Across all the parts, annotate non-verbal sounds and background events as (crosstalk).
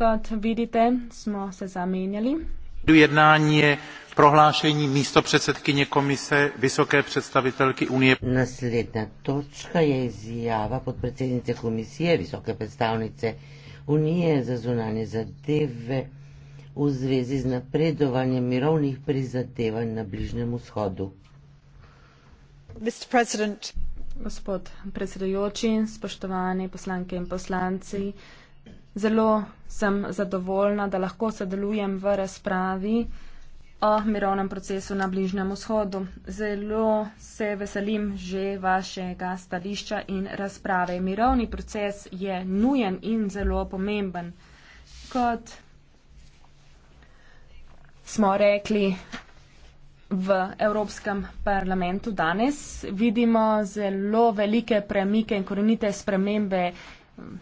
Kot vidite, smo se zamenjali. Jednání je prohlášení místo předsedkyně komise vysoké představitelky Unie. Naslední točka je izjava podpredsednice komisie vysoké představnice Unije za zunanje zadeve v zvezi z napredovanjem mirovnih prizadevanj na Bližnjem vzhodu gospod predsedujoči, spoštovani poslanke in poslanci. Zelo sem zadovoljna, da lahko sodelujem v razpravi o mirovnem procesu na Bližnjem vzhodu. Zelo se veselim že vašega stališča in razprave. Mirovni proces je nujen in zelo pomemben. Kot smo rekli, v Evropskem parlamentu danes. Vidimo zelo velike premike in korenite spremembe mm,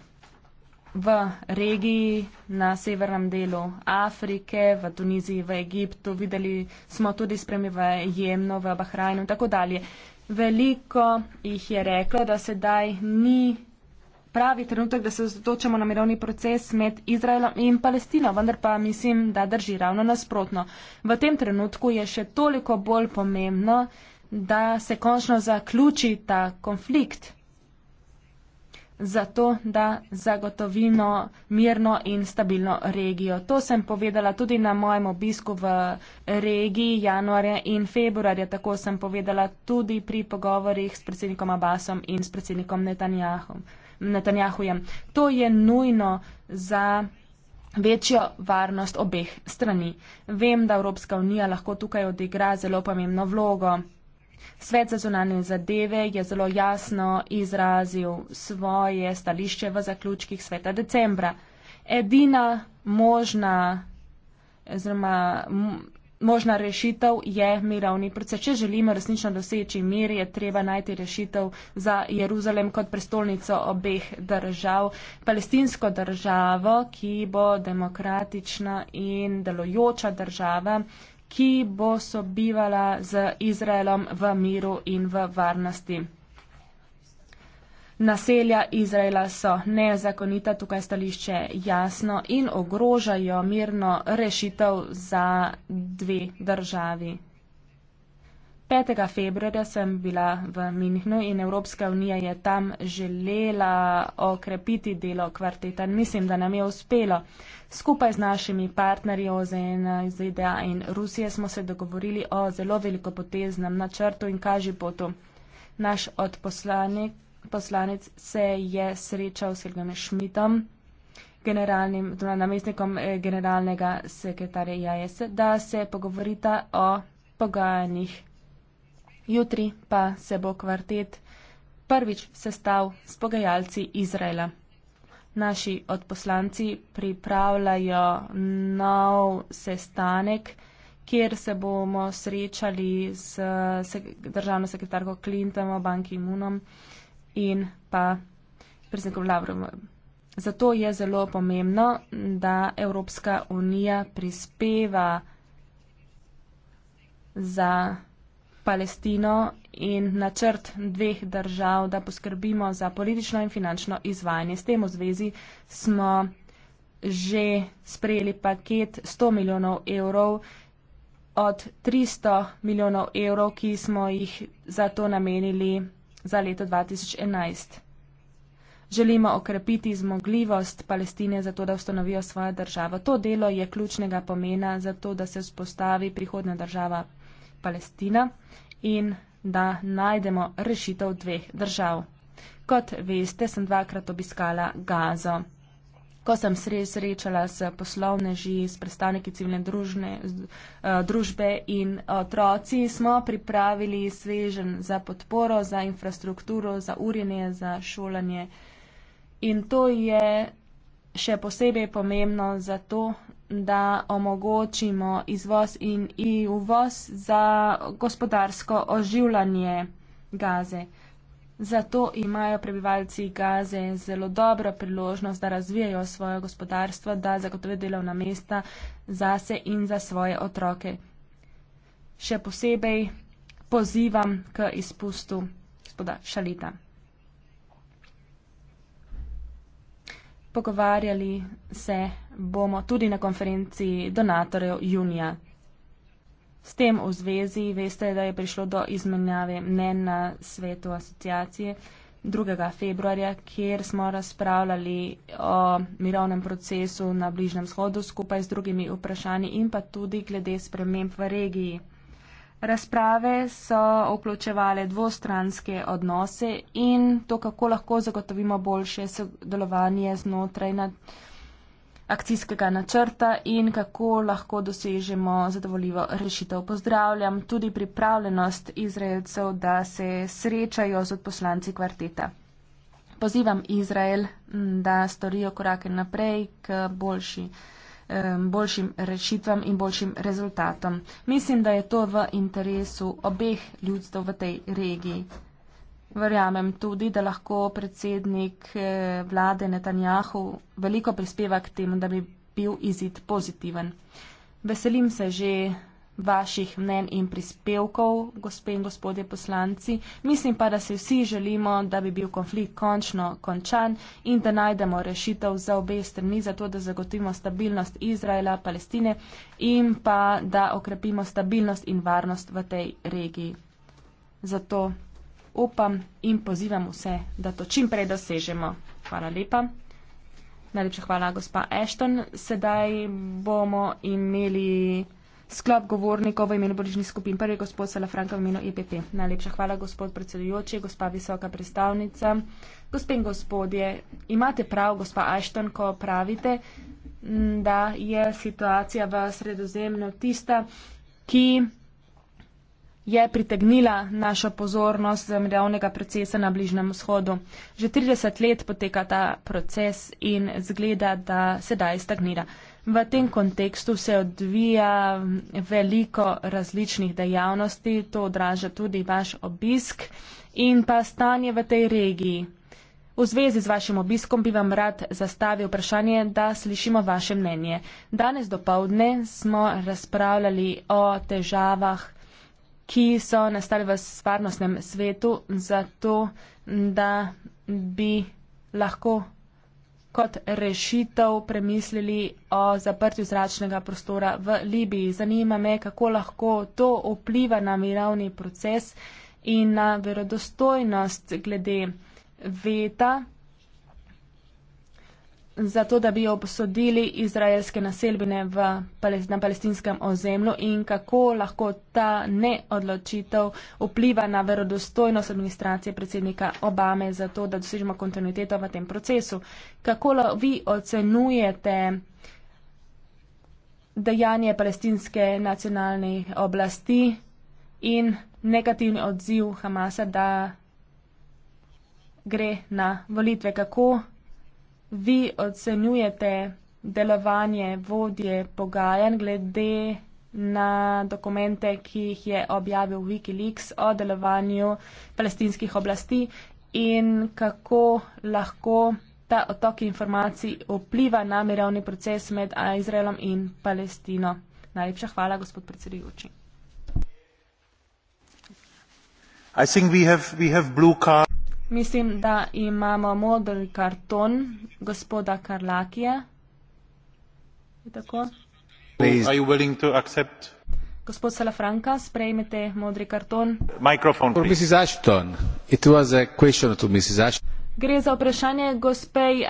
v regiji na severnem delu Afrike, v Tuniziji, v Egiptu. Videli smo tudi spremembe v Jemnu, v Bahrajnu in tako dalje. Veliko jih je reklo, da sedaj ni pravi trenutek, da se ozdočamo na mirovni proces med Izraelom in Palestino, vendar pa mislim, da drži ravno nasprotno. V tem trenutku je še toliko bolj pomembno, da se končno zaključi ta konflikt, zato da zagotovimo mirno in stabilno regijo. To sem povedala tudi na mojem obisku v regiji januarja in februarja, tako sem povedala tudi pri pogovorih s predsednikom Abbasom in s predsednikom Netanjahom. Netanjahujem. To je nujno za večjo varnost obeh strani. Vem, da Evropska unija lahko tukaj odigra zelo pomembno vlogo. Svet za zunanje zadeve je zelo jasno izrazil svoje stališče v zaključkih sveta decembra. Edina možna, oziroma možna rešitev je mirovni proces. Če želimo resnično doseči mir, je treba najti rešitev za Jeruzalem kot prestolnico obeh držav, palestinsko državo, ki bo demokratična in delojoča država, ki bo sobivala z Izraelom v miru in v varnosti. Naselja Izraela so nezakonita, tukaj stališče jasno in ogrožajo mirno rešitev za dve državi. 5. februarja sem bila v Minhnu in Evropska unija je tam želela okrepiti delo kvarteta. Mislim, da nam je uspelo. Skupaj z našimi partnerji OZN, ZDA in Rusije smo se dogovorili o zelo veliko poteznem načrtu in kaži potu. Naš odposlanik veleposlanic se je srečal s Helgom Šmitom, generalnim, torej namestnikom eh, generalnega sekretarja IAS, da se pogovorita o pogajanjih. Jutri pa se bo kvartet prvič sestav s pogajalci Izraela. Naši odposlanci pripravljajo nov sestanek, kjer se bomo srečali z državno sekretarko Clintonom, Banki Munom in pa predsednikom Lavrovom. Zato je zelo pomembno, da Evropska unija prispeva za Palestino in načrt dveh držav, da poskrbimo za politično in finančno izvajanje. S tem v zvezi smo že sprejeli paket 100 milijonov evrov od 300 milijonov evrov, ki smo jih za to namenili za leto 2011. Želimo okrepiti zmogljivost Palestine za to, da ustanovijo svojo državo. To delo je ključnega pomena za to, da se vzpostavi prihodna država Palestina in da najdemo rešitev dveh držav. Kot veste, sem dvakrat obiskala Gazo ko sem se srečala s poslovneži, s predstavniki civilne družne, eh, družbe in otroci, smo pripravili svežen za podporo, za infrastrukturo, za urjenje, za šolanje. In to je še posebej pomembno zato, da omogočimo izvoz in, in uvoz za gospodarsko oživljanje gaze. Zato imajo prebivalci Gaze zelo dobro priložnost, da razvijajo svoje gospodarstvo, da zagotovijo delovna mesta zase in za svoje otroke. Še posebej pozivam k izpustu gospoda Šalita. Pogovarjali se bomo tudi na konferenci donatorjev junija. S tem v zvezi veste, da je prišlo do izmenjave mnen na svetu asociacije 2. februarja, kjer smo razpravljali o mirovnem procesu na Bližnem shodu skupaj z drugimi vprašanji in pa tudi glede sprememb v regiji. Razprave so vključevale dvostranske odnose in to, kako lahko zagotovimo boljše sodelovanje znotraj nad akcijskega načrta in kako lahko dosežemo zadovoljivo rešitev. Pozdravljam tudi pripravljenost Izraelcev, da se srečajo z odposlanci kvarteta. Pozivam Izrael, da storijo korake naprej k boljši, boljšim rešitvam in boljšim rezultatom. Mislim, da je to v interesu obeh ljudstv v tej regiji. Verjamem tudi, da lahko predsednik eh, vlade Netanjahu veliko prispeva k temu, da bi bil izid pozitiven. Veselim se že vaših mnen in prispevkov, gospe in gospodje poslanci. Mislim pa, da se vsi želimo, da bi bil konflikt končno končan in da najdemo rešitev za obe strani, zato da zagotovimo stabilnost Izraela, Palestine in pa da okrepimo stabilnost in varnost v tej regiji. Zato upam in pozivam vse, da to čimprej dosežemo. Hvala lepa. Najlepša hvala, gospa Ashton. Sedaj bomo imeli sklop govornikov v imenu bližnjih skupin. Prvi gospod Salafranka v imenu EPP. Najlepša hvala, gospod predsedujoči, gospa visoka predstavnica. Gospe in gospodje, imate prav, gospa Ashton, ko pravite, da je situacija v sredozemlju tista, ki je pritegnila našo pozornost zemljevnega procesa na Bližnem vzhodu. Že 30 let poteka ta proces in zgleda, da sedaj stagnira. V tem kontekstu se odvija veliko različnih dejavnosti, to odraža tudi vaš obisk in pa stanje v tej regiji. V zvezi z vašim obiskom bi vam rad zastavil vprašanje, da slišimo vaše mnenje. Danes do povdne smo razpravljali o težavah ki so nastali v stvarnostnem svetu, zato da bi lahko kot rešitev premislili o zaprtju zračnega prostora v Libiji. Zanima me, kako lahko to vpliva na mirovni proces in na verodostojnost glede veta zato, da bi obsodili izraelske naselbine v, na palestinskem ozemlju in kako lahko ta neodločitev vpliva na verodostojnost administracije predsednika Obame, zato da dosežemo kontinuiteto v tem procesu. Kako vi ocenujete dejanje palestinske nacionalne oblasti in negativni odziv Hamasa, da gre na volitve? Kako vi ocenjujete delovanje vodje pogajanj glede na dokumente, ki jih je objavil Wikileaks o delovanju palestinskih oblasti in kako lahko ta otok informacij vpliva na mirovni proces med Izraelom in Palestino. Najlepša hvala, gospod predsedujoči. I think we have, we have blue card. Mislim, da imamo model karton gospoda Karlakija. Je tako? Are you willing to accept? Gospod Salafranka, sprejmite modri karton. Microphone, please. For Mrs. Ashton, it was a question to Mrs. Ashton. Gre za vprašanje gospej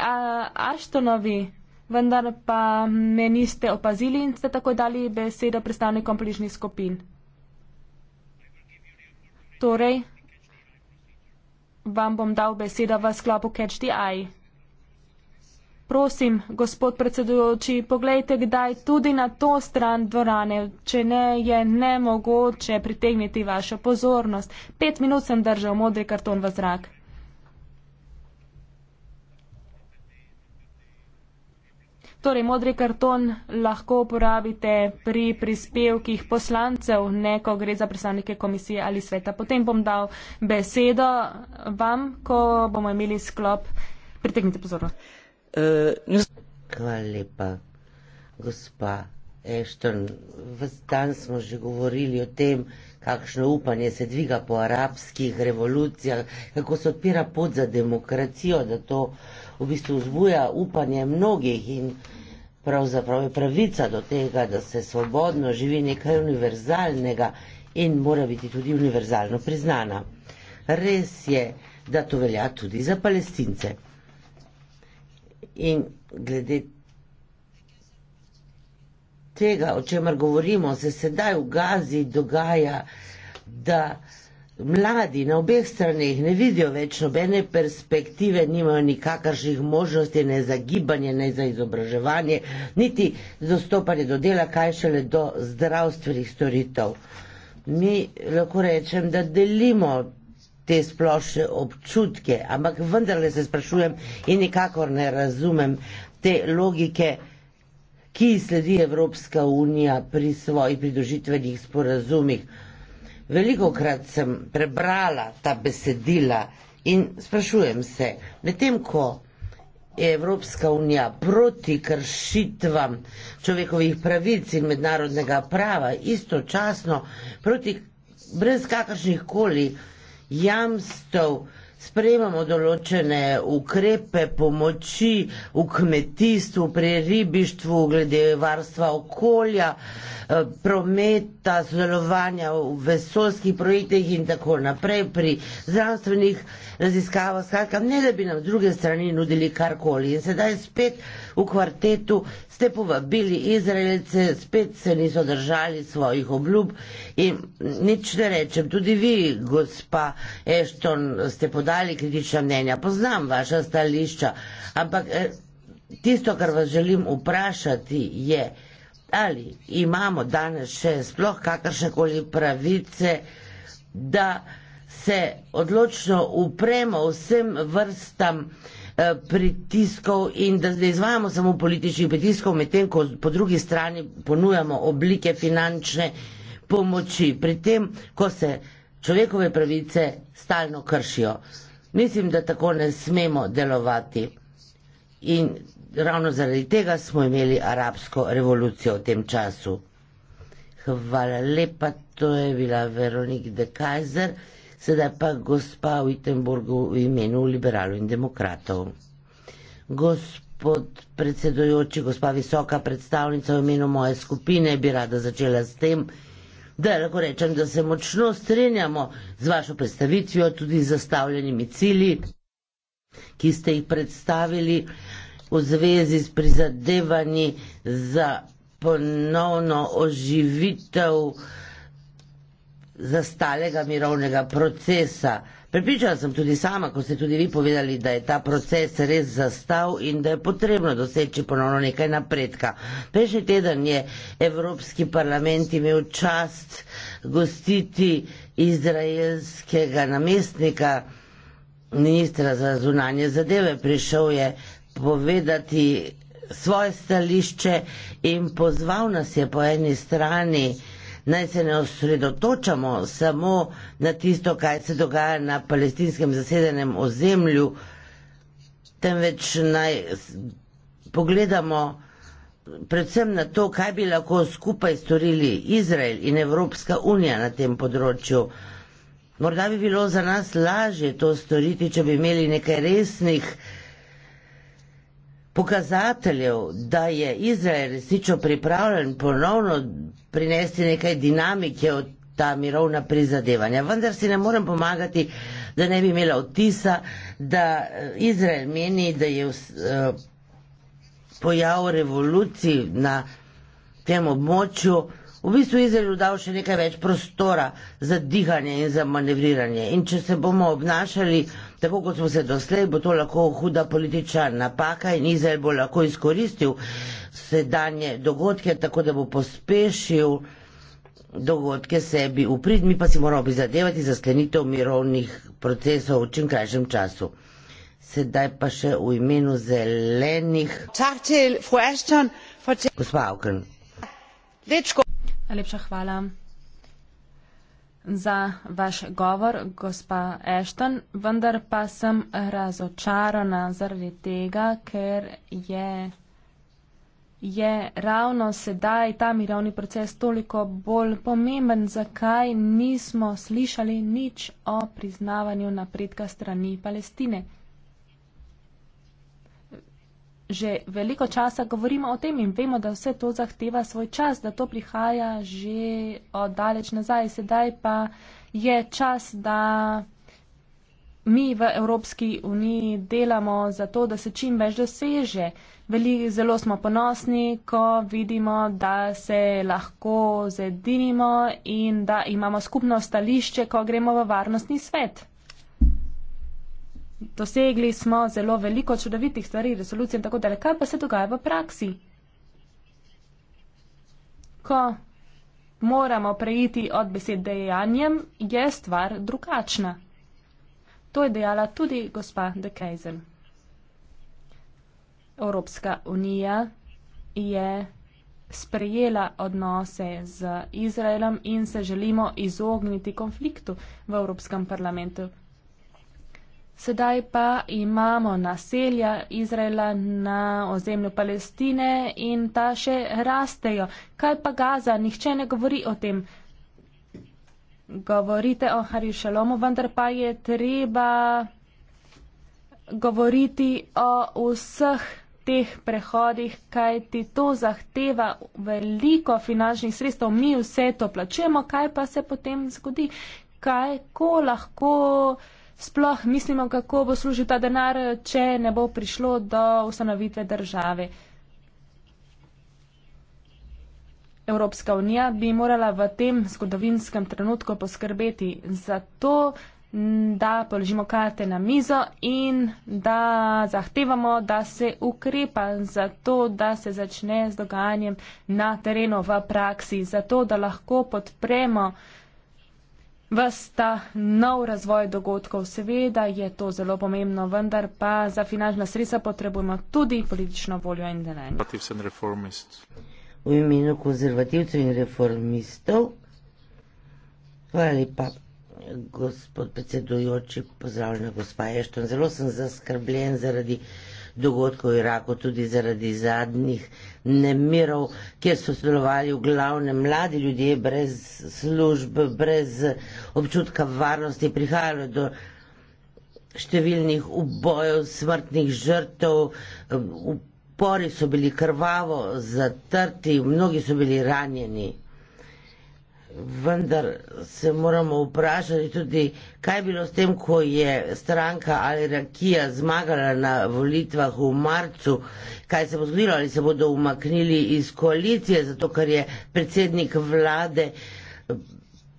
Ashtonovi, vendar pa me niste opazili in ste takoj dali besedo predstavnikom bližnjih skupin. Torej, vam bom dal beseda v sklopu Catch the Eye. Prosim, gospod predsedujoči, poglejte kdaj tudi na to stran dvorane, če ne je nemogoče pritegniti vašo pozornost. Pet minut sem držal modri karton v zrak. Torej, modri karton lahko uporabite pri prispevkih poslancev, ne ko gre za predstavnike komisije ali sveta. Potem bom dal besedo vam, ko bomo imeli sklop. Pritegnite pozornost. Eh, Hvala lepa, gospa Ešton. Ves dan smo že govorili o tem, kakšno upanje se dviga po arabskih revolucijah, kako se odpira pot za demokracijo, da to v bistvu vzbuja upanje mnogih in pravzaprav je pravica do tega, da se svobodno živi nekaj univerzalnega in mora biti tudi univerzalno priznana. Res je, da to velja tudi za palestince. In glede tega, o čemer govorimo, se sedaj v Gazi dogaja, da mladi na obeh straneh ne vidijo več nobene perspektive, nimajo nikakršnih možnosti ne za gibanje, ne za izobraževanje, niti dostopanje do dela, kaj šele do zdravstvenih storitev. Mi lahko rečem, da delimo te splošne občutke, ampak vendarle se sprašujem in nikakor ne razumem te logike, ki sledi Evropska unija pri svojih pridružitvenih sporazumih. Veliko krat sem prebrala ta besedila in sprašujem se, medtem ko je Evropska unija proti kršitvam človekovih pravic in mednarodnega prava, istočasno proti brez kakršnih koli jamstev, sprejemamo določene ukrepe pomoči v kmetijstvu, pri ribištvu, glede varstva okolja, eh, prometa, sodelovanja v vesolskih projektih in tako naprej, pri zdravstvenih raziskavah, skratka, ne da bi nam z druge strani nudili karkoli. In sedaj spet v kvartetu ste povabili Izraelce, spet se niso držali svojih obljub in nič ne rečem, tudi vi, gospa Ešton, ste podali kritična mnenja, poznam vaša stališča, ampak eh, tisto, kar vas želim vprašati, je, ali imamo danes še sploh kakršnekoli pravice, da se odločno upremo vsem vrstam Eh, pritiskov in da ne izvajamo samo političnih pritiskov, medtem ko po drugi strani ponujamo oblike finančne pomoči, pri tem, ko se človekove pravice stalno kršijo. Mislim, da tako ne smemo delovati. In ravno zaradi tega smo imeli arabsko revolucijo v tem času. Hvala lepa, to je bila Veronika de Kajzer. Sedaj pa gospa v Itenburgu v imenu liberalov in demokratov. Gospod predsedojoči, gospa visoka predstavnica v imenu moje skupine bi rada začela s tem, da lahko rečem, da se močno strinjamo z vašo predstavitvijo, tudi z zastavljenimi cili, ki ste jih predstavili v zvezi s prizadevanji za ponovno oživitev uh, zastalega mirovnega procesa. Pripričala sem tudi sama, ko ste tudi vi povedali, da je ta proces res zastav in da je potrebno doseči ponovno nekaj napredka. Prejšnji teden je Evropski parlament imel čast gostiti izraelskega namestnika, ministra za zunanje zadeve. Prišel je povedati svoje stališče in pozval nas je po eni strani, naj se ne osredotočamo samo na tisto, kaj se dogaja na palestinskem zasedenem ozemlju, temveč naj pogledamo predvsem na to, kaj bi lahko skupaj storili Izrael in Evropska unija na tem področju. Morda bi bilo za nas lažje to storiti, če bi imeli nekaj resnih pokazateljev, da je Izrael resnično pripravljen ponovno prinesti nekaj dinamike v ta mirovna prizadevanja. Vendar si ne morem pomagati, da ne bi imela vtisa, da eh, Izrael meni, da je uh, pojav revoluciji na tem območju v bistvu Izraelu dal še nekaj več prostora za dihanje in za manevriranje. In če se bomo obnašali Tako kot smo se doslej, bo to lahko huda politična napaka in Izrael bo lahko izkoristil sedanje dogodke, tako da bo pospešil dogodke sebi v prid, mi pa si moramo prizadevati za sklenitev mirovnih procesov v čim krajšem času. Sedaj pa še v imenu zelenih. Gospa Avken. Lepša hvala za vaš govor, gospa Ashton, vendar pa sem razočarana zaradi tega, ker je, je ravno sedaj ta mirovni proces toliko bolj pomemben, zakaj nismo slišali nič o priznavanju napredka strani Palestine že veliko časa govorimo o tem in vemo, da vse to zahteva svoj čas, da to prihaja že od daleč nazaj. Sedaj pa je čas, da mi v Evropski uniji delamo za to, da se čim več doseže. Veliko zelo smo ponosni, ko vidimo, da se lahko zedinimo in da imamo skupno stališče, ko gremo v varnostni svet dosegli smo zelo veliko čudovitih stvari, resolucije in tako dalje. Kaj pa se dogaja v praksi? Ko moramo preiti od besed dejanjem, je stvar drugačna. To je dejala tudi gospa De Keizer. Evropska unija je sprejela odnose z Izraelom in se želimo izogniti konfliktu v Evropskem parlamentu. Sedaj pa imamo naselja Izraela na ozemlju Palestine in ta še rastejo. Kaj pa Gaza? Nihče ne govori o tem. Govorite o Harišalomu, vendar pa je treba govoriti o vseh teh prehodih, kajti to zahteva veliko finančnih sredstev. Mi vse to plačujemo, kaj pa se potem zgodi? Kaj, ko lahko. Sploh mislimo, kako bo služil ta denar, če ne bo prišlo do ustanovitve države. Evropska unija bi morala v tem zgodovinskem trenutku poskrbeti za to, da položimo karte na mizo in da zahtevamo, da se ukrepa za to, da se začne z dogajanjem na terenu v praksi, za to, da lahko podpremo vsta nov razvoj dogodkov. Seveda je to zelo pomembno, vendar pa za finančna sredstva potrebujemo tudi politično voljo in denar. V imenu konzervativcev in reformistov. Hvala lepa, gospod predsedujoči, pozdravljena gospa Ešton. Zelo sem zaskrbljen zaradi dogodkov v Iraku, tudi zaradi zadnjih nemirov, kjer so sodelovali v glavne mladi ljudje brez služb, brez občutka varnosti, prihajalo do številnih ubojev, smrtnih žrtev, upori so bili krvavo zatrti, mnogi so bili ranjeni vendar se moramo vprašati tudi, kaj je bilo s tem, ko je stranka ali rakija zmagala na volitvah v marcu, kaj se bo zgodilo, ali se bodo umaknili iz koalicije, zato ker je predsednik vlade eh,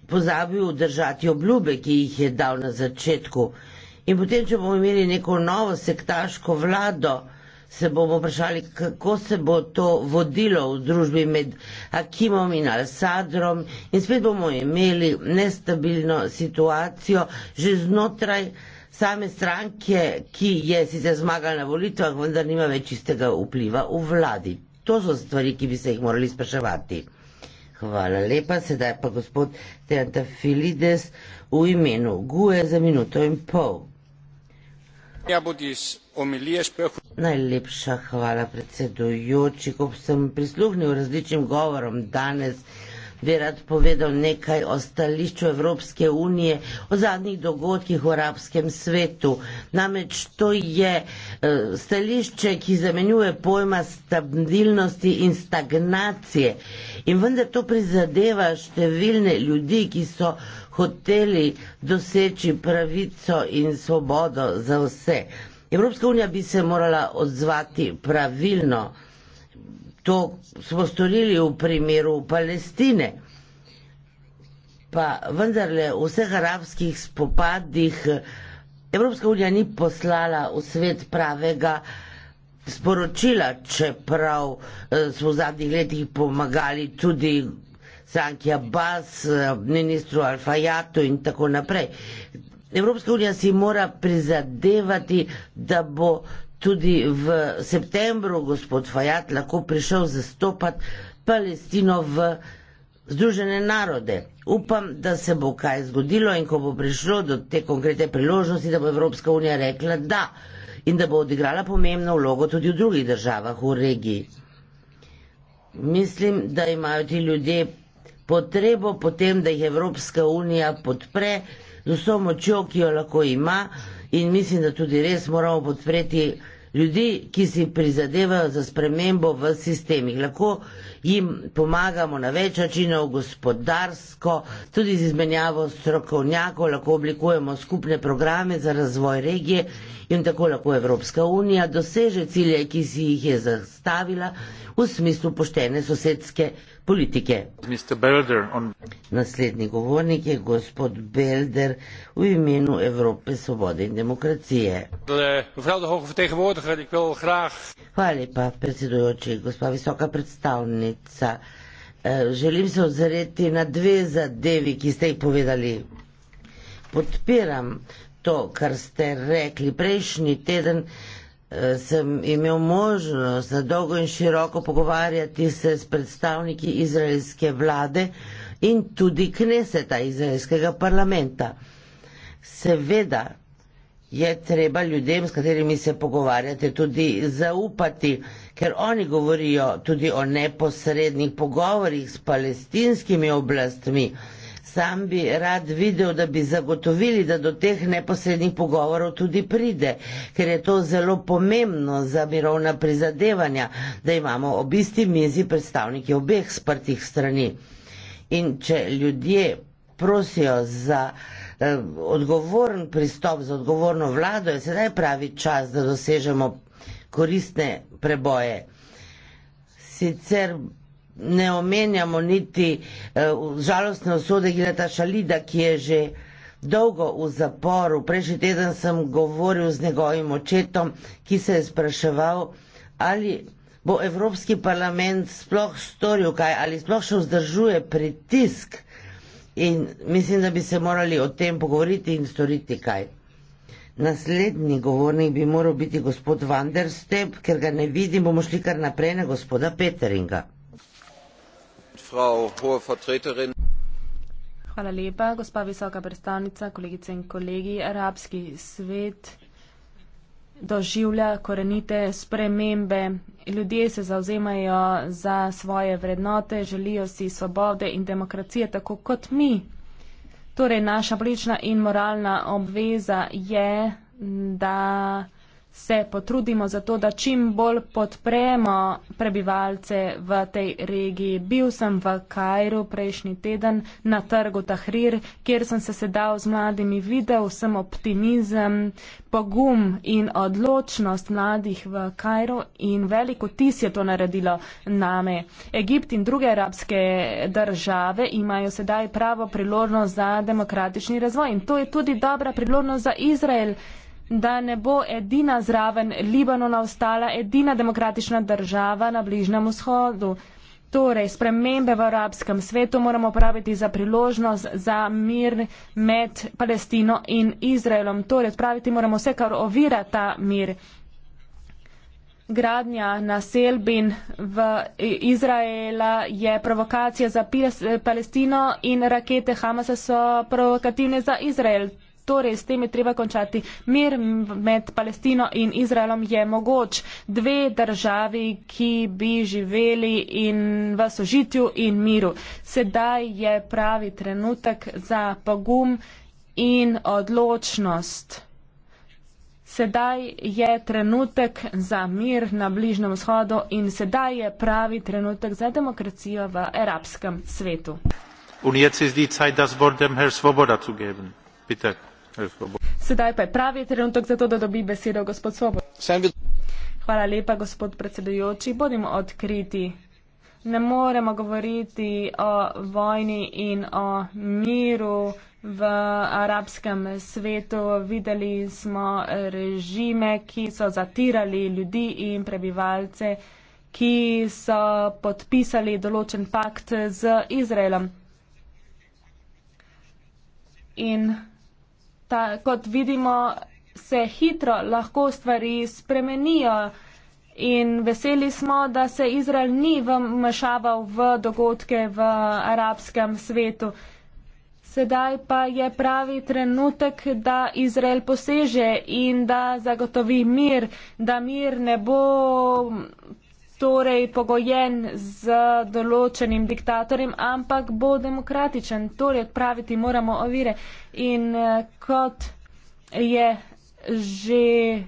pozabil držati obljube, ki jih je dal na začetku. In potem, če bomo imeli neko novo sektaško vlado, se bomo vprašali, kako se bo to vodilo v družbi med Akimom in Al-Sadrom in spet bomo imeli nestabilno situacijo že znotraj same stranke, ki je sicer zmagala na volitvah, vendar nima več istega vpliva v vladi. To so stvari, ki bi se jih morali spraševati. Hvala lepa, sedaj pa gospod Teanta Filides v imenu Gue za minuto in pol. Ja, budis omilije spehu. Najlepša hvala predsedujoči, ko sem prisluhnil različnim govorom danes, bi rad povedal nekaj o stališču Evropske unije, o zadnjih dogodkih v arabskem svetu. Namreč to je eh, stališče, ki zamenjuje pojma stabilnosti in stagnacije. In vendar to prizadeva številne ljudi, ki so hoteli doseči pravico in svobodo za vse. Evropska unija bi se morala odzvati pravilno. To smo storili v primeru Palestine. Pa vendarle v vseh arabskih spopadih Evropska unija ni poslala v svet pravega sporočila, čeprav eh, smo v zadnjih letih pomagali tudi Sankja Bas, eh, ministru Alfajatu in tako naprej. Evropska unija si mora prizadevati, da bo tudi v septembru gospod Fajat lahko prišel zastopati Palestino v Združene narode. Upam, da se bo kaj zgodilo in ko bo prišlo do te konkrete priložnosti, da bo Evropska unija rekla da in da bo odigrala pomembno vlogo tudi v drugih državah v regiji. Mislim, da imajo ti ljudje potrebo potem, da jih Evropska unija podpre z vso močjo, ki jo lahko ima in mislim, da tudi res moramo podpreti ljudi, ki si prizadevajo za spremembo v sistemih. Lahko jim pomagamo na več načinov, gospodarsko, tudi z izmenjavo strokovnjakov, lahko oblikujemo skupne programe za razvoj regije in tako lahko Evropska unija doseže cilje, ki si jih je zastavila v smislu poštene sosedske politike. Belder, on... Naslednji govornik je gospod Belder v imenu Evrope svobode in demokracije. Eh, Hvala lepa, predsedujoči, gospa visoka predstavnica. Mojca. Eh, želim se odzreti na dve zadevi, ki ste jih povedali. Podpiram to, kar ste rekli. Prejšnji teden eh, sem imel možnost na dolgo in široko pogovarjati se s predstavniki izraelske vlade in tudi kneseta izraelskega parlamenta. Seveda, je treba ljudem, s katerimi se pogovarjate, tudi zaupati, ker oni govorijo tudi o neposrednih pogovorih s palestinskimi oblastmi. Sam bi rad videl, da bi zagotovili, da do teh neposrednih pogovorov tudi pride, ker je to zelo pomembno za mirovna prizadevanja, da imamo ob isti mizi predstavniki obeh sprtih strani. In če ljudje prosijo za odgovoren pristop za odgovorno vlado je sedaj pravi čas, da dosežemo koristne preboje. Sicer ne omenjamo niti eh, žalostne osode Gileta Šalida, ki je že dolgo v zaporu. Prejšnji teden sem govoril z njegovim očetom, ki se je spraševal, ali bo Evropski parlament sploh storil kaj, ali sploh še vzdržuje pritisk In mislim, da bi se morali o tem pogovoriti in storiti kaj. Naslednji govornik bi moral biti gospod Vandersteb, ker ga ne vidim, bomo šli kar naprej na gospoda Peteringa. Hvala lepa, gospa visoka predstavnica, kolegice in kolegi. Arabski svet doživlja korenite spremembe. Ljudje se zauzemajo za svoje vrednote, želijo si svobode in demokracije, tako kot mi. Torej, naša politična in moralna obveza je, da se potrudimo za to, da čim bolj podpremo prebivalce v tej regiji. Bil sem v Kajru prejšnji teden na trgu Tahrir, kjer sem se sedal z mladimi, videl sem optimizem, pogum in odločnost mladih v Kajru in veliko tis je to naredilo name. Egipt in druge arabske države imajo sedaj pravo priložnost za demokratični razvoj in to je tudi dobra priložnost za Izrael da ne bo edina zraven Libanona ostala edina demokratična država na Bližnjem vzhodu. Torej, spremembe v arabskem svetu moramo praviti za priložnost za mir med Palestino in Izraelom. Torej, praviti moramo vse, kar ovira ta mir. Gradnja naselbin v Izraela je provokacija za Palestino in rakete Hamasa so provokativne za Izrael. Torej, s tem je treba končati. Mir med Palestino in Izraelom je mogoč. Dve državi, ki bi živeli in v sožitju in miru. Sedaj je pravi trenutek za pogum in odločnost. Sedaj je trenutek za mir na Bližnem vzhodu in sedaj je pravi trenutek za demokracijo v arabskem svetu. Und jetzt ist die Zeit, das Wort dem Herrn Svoboda zu geben. Bitte. Sedaj pa je pravi trenutek za to, da dobi besedo gospod Sobo. Hvala lepa, gospod predsedujoči. Bodimo odkriti. Ne moremo govoriti o vojni in o miru v arabskem svetu. Videli smo režime, ki so zatirali ljudi in prebivalce, ki so podpisali določen pakt z Izraelom. In Ta, kot vidimo, se hitro lahko stvari spremenijo in veseli smo, da se Izrael ni vmešaval v dogodke v arabskem svetu. Sedaj pa je pravi trenutek, da Izrael poseže in da zagotovi mir, da mir ne bo torej pogojen z določenim diktatorjem, ampak bo demokratičen. Torej, odpraviti moramo ovire. In eh, kot je že eh,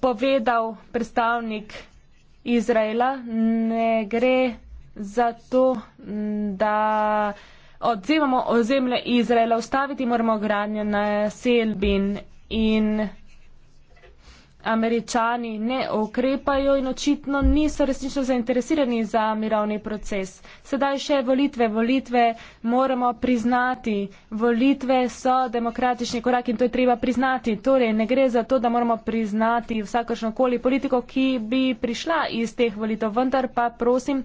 povedal predstavnik Izraela, ne gre za to, da odzivamo ozemlje Izraela, ustaviti moramo gradnjo na selbin in američani ne okrepajo in očitno niso resnično zainteresirani za mirovni proces. Sedaj še volitve. Volitve moramo priznati. Volitve so demokratični korak in to je treba priznati. Torej, ne gre za to, da moramo priznati vsakošno koli politiko, ki bi prišla iz teh volitev. Vendar pa prosim,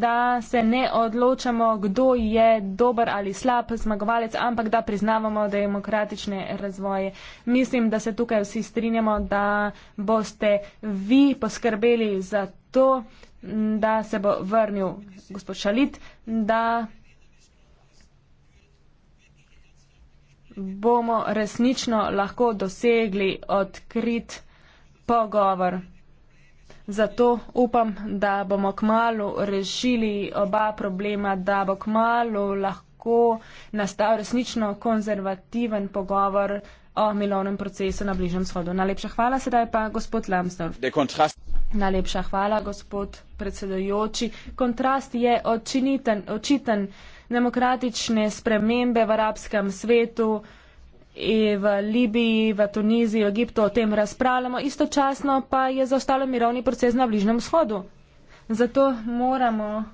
da se ne odločamo, kdo je dober ali slab zmagovalec, ampak da priznavamo demokratične razvoje. Mislim, da se tukaj vsi strinjamo, da da boste vi poskrbeli za to, da se bo vrnil gospod Šalit, da bomo resnično lahko dosegli odkrit pogovor. Zato upam, da bomo kmalo rešili oba problema, da bo kmalo lahko nastal resnično konzervativen pogovor o milovnem procesu na Bližnem shodu. Najlepša hvala, sedaj pa gospod Lambsdorff. Najlepša hvala, gospod predsedojoči. Kontrast je očiniten, očiten demokratične spremembe v arabskem svetu in e v Libiji, v Tuniziji, v Egiptu o tem razpravljamo, istočasno pa je zaostalo mirovni proces na Bližnem shodu. Zato moramo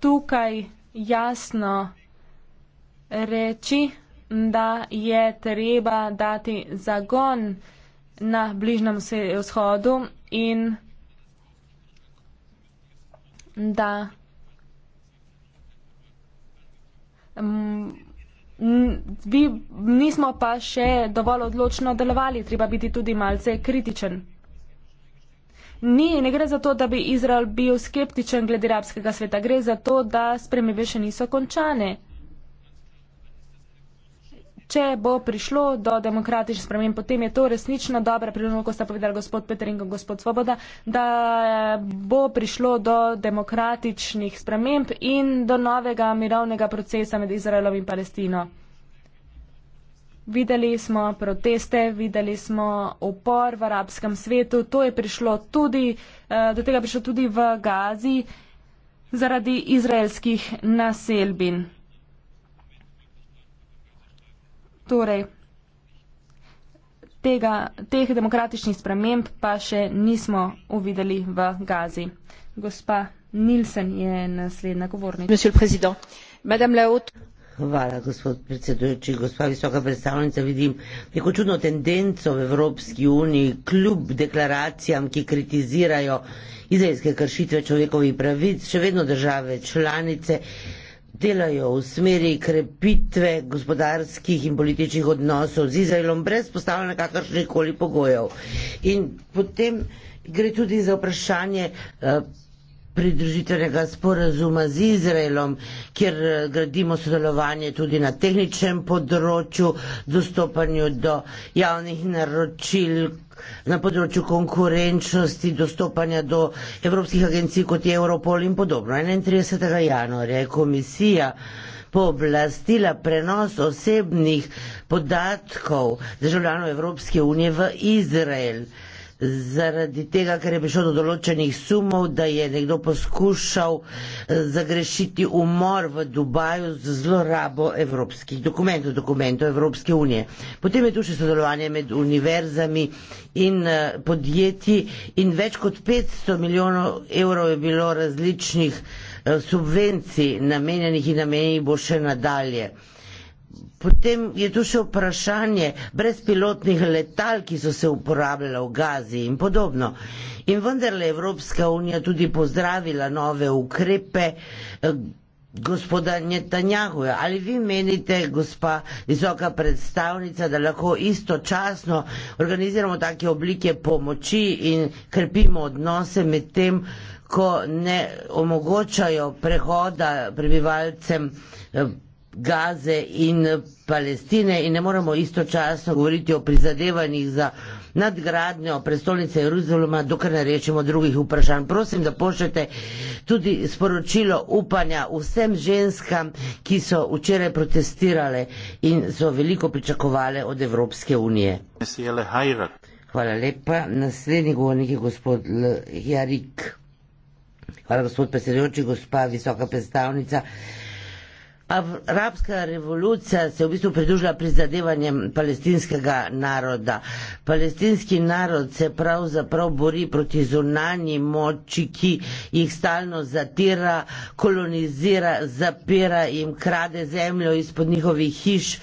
tukaj jasno reči, da je treba dati zagon na bližnjem vzhodu in da bi, mm, nismo pa še dovolj odločno delovali, treba biti tudi malce kritičen. Ni, ne gre za to, da bi Izrael bil skeptičen glede arabskega sveta, gre za to, da spremembe še niso končane če bo prišlo do demokratičnih sprememb, potem je to resnično dobra priložnost, ko sta povedala gospod Petr in gospod Svoboda, da bo prišlo do demokratičnih sprememb in do novega mirovnega procesa med Izraelom in Palestino. Videli smo proteste, videli smo upor v arabskem svetu, to je prišlo tudi, eh, do tega prišlo tudi v Gazi zaradi izraelskih naselbin. torej tega, teh demokratičnih sprememb pa še nismo uvideli v Gazi. Gospa Nilsen je naslednja govornica. Hvala, gospod predsedujoči, gospa visoka predstavnica. Vidim neko čudno tendenco v Evropski uniji kljub deklaracijam, ki kritizirajo izraelske kršitve človekovih pravic, še vedno države članice delajo v smeri krepitve gospodarskih in političnih odnosov z Izraelom brez postavljanja kakršnih koli pogojev. In potem gre tudi za vprašanje eh, pridružitvenega sporazuma z Izraelom, kjer eh, gradimo sodelovanje tudi na tehničnem področju, dostopanju do javnih naročil, na področju konkurenčnosti, dostopanja do evropskih agencij kot je Europol in podobno. 31. januarja je komisija pooblastila prenos osebnih podatkov državljanov Evropske unije v Izrael zaradi tega, ker je prišlo do določenih sumov, da je nekdo poskušal eh, zagrešiti umor v Dubaju z zlorabo evropskih dokumentov, dokumentov Evropske unije. Potem je tu še sodelovanje med univerzami in eh, podjetji in več kot 500 milijonov evrov je bilo različnih eh, subvencij namenjenih in namenjenih bo še nadalje. Potem je tu še vprašanje brezpilotnih letal, ki so se uporabljala v Gazi in podobno. In vendarle je Evropska unija tudi pozdravila nove ukrepe eh, gospoda Netanjahuja. Ali vi menite, gospa visoka predstavnica, da lahko istočasno organiziramo take oblike pomoči in krepimo odnose med tem, ko ne omogočajo prehoda prebivalcem eh, Gaze in Palestine in ne moremo istočasno govoriti o prizadevanjih za nadgradnjo prestolnice Jeruzalema, dokler ne rečemo drugih vprašanj. Prosim, da pošljete tudi sporočilo upanja vsem ženskam, ki so včeraj protestirale in so veliko pričakovale od Evropske unije. Hvala lepa. Naslednji govornik je gospod L. Jarik. Hvala gospod predsedujoči, gospa visoka predstavnica. Arabska revolucija se je v bistvu pridružila prizadevanjem palestinskega naroda. Palestinski narod se pravzaprav bori proti zunanji moči, ki jih stalno zatira, kolonizira, zapira in krade zemljo izpod njihovih hiš.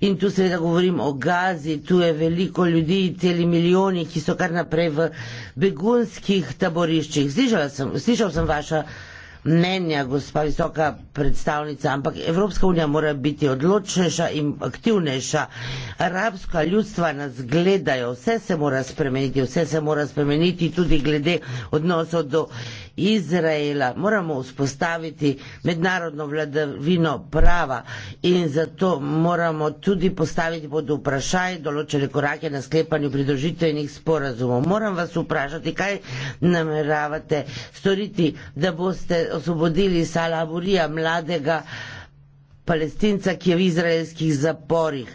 In tu seveda govorim o Gazi, tu je veliko ljudi, celi milijoni, ki so kar naprej v begunskih taboriščih. Slišala sem, slišal sem vaša mnenja, gospa visoka predstavnica, ampak Evropska unija mora biti odločnejša in aktivnejša. Arabska ljudstva nas gledajo, vse se mora spremeniti, vse se mora spremeniti tudi glede odnosov do Izraela, moramo vzpostaviti mednarodno vladavino prava in zato moramo tudi postaviti pod vprašaj določene korake na sklepanju pridružitvenih sporazumov. Moram vas vprašati, kaj nameravate storiti, da boste osvobodili Salaburija, mladega palestinca, ki je v izraelskih zaporih.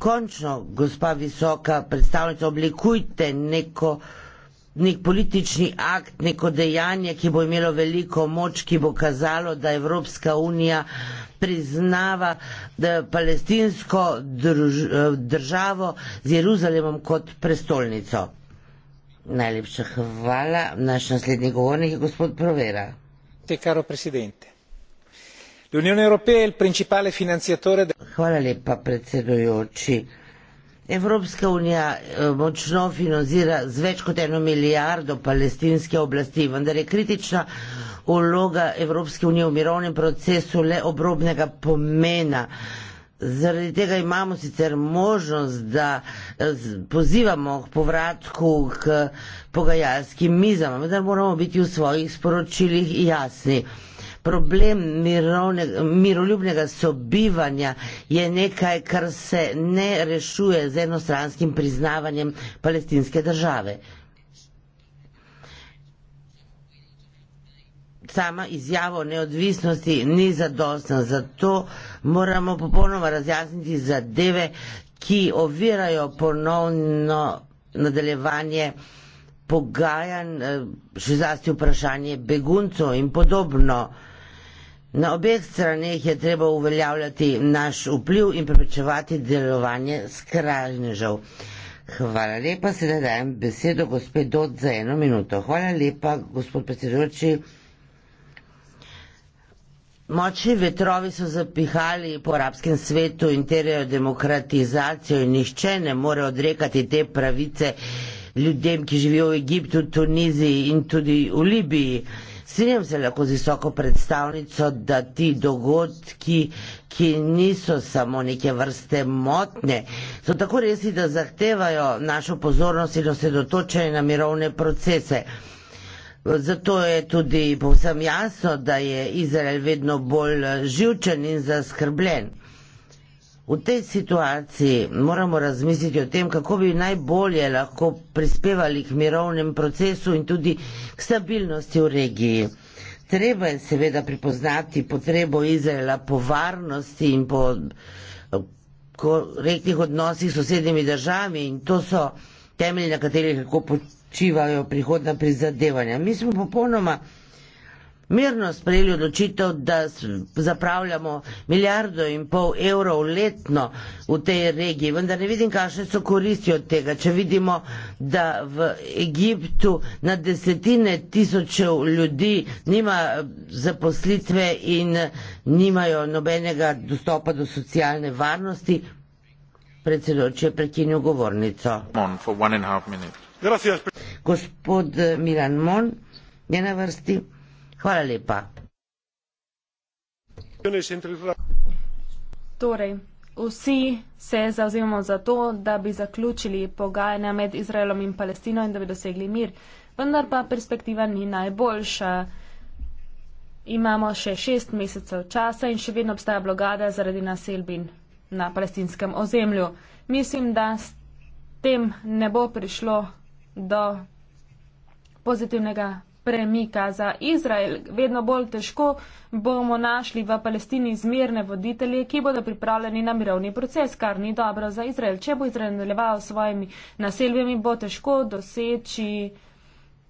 Končno, gospa visoka predstavnica, oblikujte neko nek politični akt, neko dejanje, ki bo imelo veliko moč, ki bo kazalo, da Evropska unija priznava palestinsko druž, državo z Jeruzalemom kot prestolnico. Najlepša hvala. Naš naslednji govornik je gospod Provera. Hvala lepa, predsedujoči. Evropska unija eh, močno financira z več kot eno milijardo palestinske oblasti, vendar je kritična vloga Evropske unije v mirovnem procesu le obrobnega pomena. Zaradi tega imamo sicer možnost, da eh, pozivamo k povratku k pogajalskim mizam, vendar moramo biti v svojih sporočilih jasni problem miroljubnega sobivanja je nekaj, kar se ne rešuje z enostranskim priznavanjem palestinske države. Sama izjava o neodvisnosti ni zadostna, zato moramo popolnoma razjasniti zadeve, ki ovirajo ponovno nadaljevanje pogajanj, eh, še zlasti vprašanje beguncov in podobno. Na obeh straneh je treba uveljavljati naš vpliv in preprečevati delovanje skrajnežev. Hvala lepa, sedaj dajem besedo gospod Dod za eno minuto. Hvala lepa, gospod predsedujoči. Močni vetrovi so zapihali po arabskem svetu in terjajo demokratizacijo in nihče ne more odrekati te pravice ljudem, ki živijo v Egiptu, Tuniziji in tudi v Libiji. Strinjam se lahko z visoko predstavnico, da ti dogodki, ki niso samo neke vrste motne, so tako resni, da zahtevajo našo pozornost in osredotočenje na mirovne procese. Zato je tudi povsem jasno, da je Izrael vedno bolj živčen in zaskrbljen. V tej situaciji moramo razmisliti o tem, kako bi najbolje lahko prispevali k mirovnem procesu in tudi k stabilnosti v regiji. Treba je seveda pripoznati potrebo Izraela po varnosti in po eh, korektnih odnosih s sosednjimi državami in to so temelji, na katerih lahko počivajo prihodna prizadevanja. Mi smo popolnoma mirno sprejeli odločitev, da zapravljamo milijardo in pol evrov letno v tej regiji, vendar ne vidim, kakšne so koristi od tega. Če vidimo, da v Egiptu na desetine tisočev ljudi nima eh, zaposlitve in eh, nimajo nobenega dostopa do socialne varnosti, predsedoče je prekinil govornico. Gospod eh, Milan Mon je na vrsti hvala lepa torej vsi se zavzemamo za to da bi zaključili pogajanja med Izraelom in Palestino in da bi dosegli mir vendar pa perspektiva ni najboljša imamo še šest mesecev časa in še vedno obstaja blogada zaradi naselbin na palestinskem ozemlju mislim da s tem ne bo prišlo do pozitivnega premika za Izrael. Vedno bolj težko bomo našli v Palestini zmerne voditelje, ki bodo pripravljeni na mirovni proces, kar ni dobro za Izrael. Če bo Izrael nadaljeval s svojimi naseljami, bo težko doseči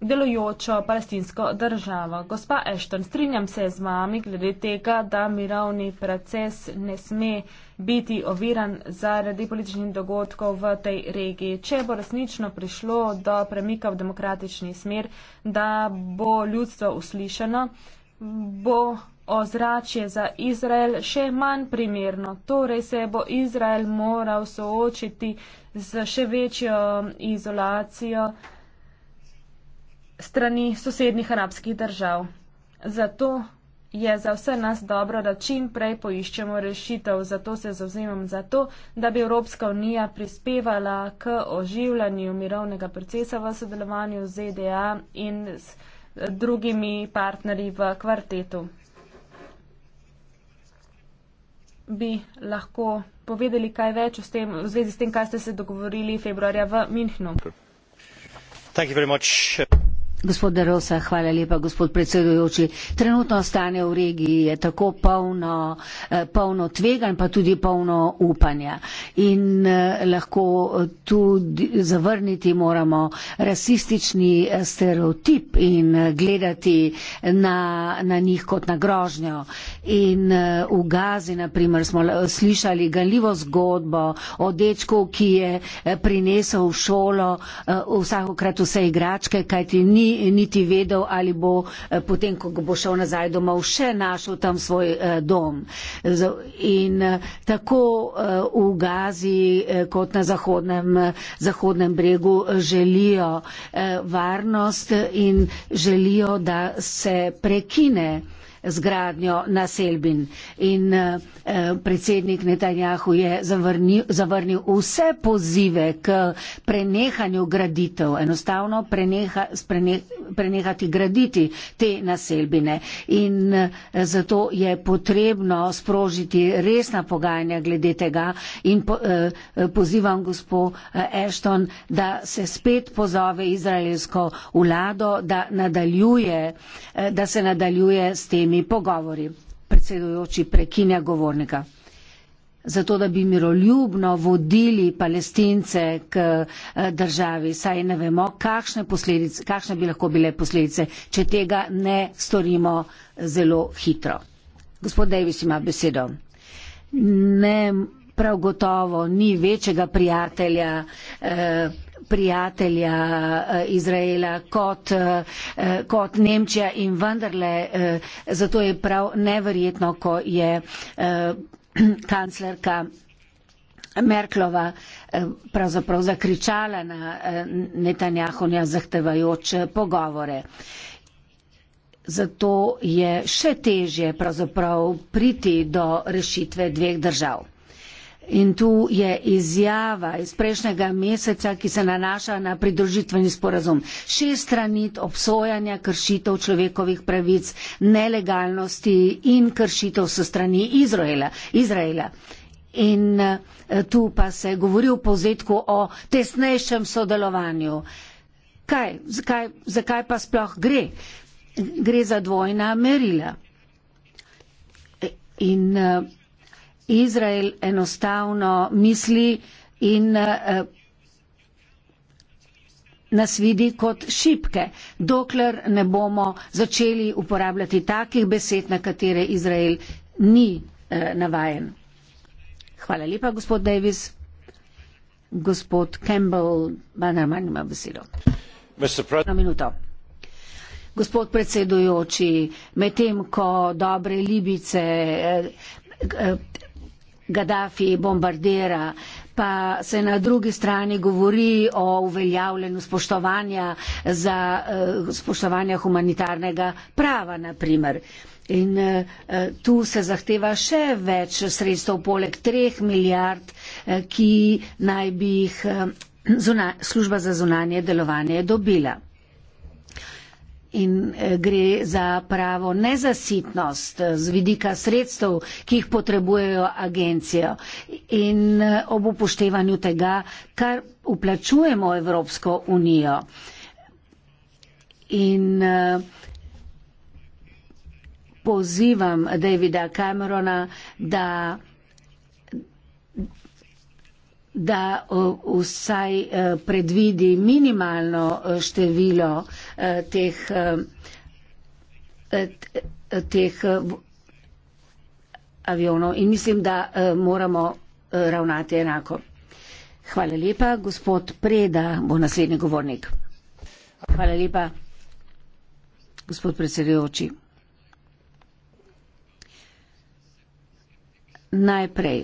delujočo palestinsko državo. Gospa Ashton, strinjam se z vami glede tega, da mirovni proces ne sme biti oviran zaradi političnih dogodkov v tej regiji. Če bo resnično prišlo do premika v demokratični smer, da bo ljudstvo uslišano, bo ozračje za Izrael še manj primerno. Torej se bo Izrael moral soočiti z še večjo izolacijo strani sosednjih arabskih držav. Zato je za vse nas dobro, da čim prej poiščemo rešitev. Zato se zauzemam za to, da bi Evropska unija prispevala k oživljanju mirovnega procesa v sodelovanju z ZDA in z eh, drugimi partnerji v kvartetu. Bi lahko povedali kaj več v, tem, v zvezi s tem, kaj ste se dogovorili februarja v Minhnu? Thank you very much. Gospod Derosa, hvala lepa, gospod predsedujoči. Trenutno stanje v regiji je tako polno, eh, polno tvegan, pa tudi polno upanja. In eh, lahko eh, tudi zavrniti moramo rasistični stereotip in gledati na, na njih kot na grožnjo. In v Gazi, na primer, smo slišali ganljivo zgodbo o dečku, ki je prinesel v šolo vsakokrat vse igračke, kajti ni niti vedel, ali bo eh, potem, ko bo šel nazaj domov, še našel tam svoj eh, dom. In eh, tako v Gazi kot na zahodnem, zahodnem bregu želijo varnost in želijo, da se prekine zgradnjo naselbin. In eh, predsednik Netanjahu je zavrnil, zavrnil vse pozive k prenehanju graditev, enostavno preneha, prene, prenehati graditi te naselbine. In eh, zato je potrebno sprožiti resna pogajanja glede tega in po, eh, pozivam gospod Ashton, da se spet pozove izraelsko vlado, da, da se nadaljuje s temi temi pogovori. Predsedujoči prekinja govornika. Zato, da bi miroljubno vodili palestince k eh, državi, saj ne vemo, kakšne, posledice, kakšne bi lahko bile posledice, če tega ne storimo zelo hitro. Gospod Davis ima besedo. Ne, prav gotovo ni večjega prijatelja. Eh, prijatelja eh, Izraela kot, eh, kot Nemčija in vendarle eh, zato je prav neverjetno, ko je (clears throat) kanclerka Merklova pravzaprav zakričala na Netanjahonja zahtevajoč pogovore. Zato je še težje pravzaprav priti do rešitve dveh držav. In tu je izjava iz prejšnjega meseca, ki se nanaša na pridružitveni sporazum. Šest stranit obsojanja kršitev človekovih pravic, nelegalnosti in kršitev so strani Izraela. Izraela. In eh, tu pa se govori v povzetku o tesnejšem sodelovanju. Kaj, zakaj, zakaj pa sploh gre? Gre za dvojna merila. E, in, eh, Izrael enostavno misli in eh, nas vidi kot šipke, dokler ne bomo začeli uporabljati takih besed, na katere Izrael ni eh, navajen. Hvala lepa, gospod Davis. Gospod Campbell, manj ima besedo. Gospod predsedujoči, medtem ko dobre Libice eh, Gaddafi bombardira, pa se na drugi strani govori o uveljavljenju spoštovanja, za, eh, spoštovanja humanitarnega prava, naprimer. In eh, tu se zahteva še več sredstev, poleg treh milijard, eh, ki naj bi jih zuna, služba za zunanje delovanje dobila in eh, gre za pravo nezasitnost eh, z vidika sredstev, ki jih potrebujejo agencijo in eh, ob upoštevanju tega, kar uplačujemo Evropsko unijo. In pozivam Davida Camerona, da da vsaj e, predvidi minimalno e, število e, teh, teh avionov in mislim, da moramo ravnati enako. Hvala lepa, gospod Preda bo naslednji govornik. Hvala lepa, gospod predsedujoči. Najprej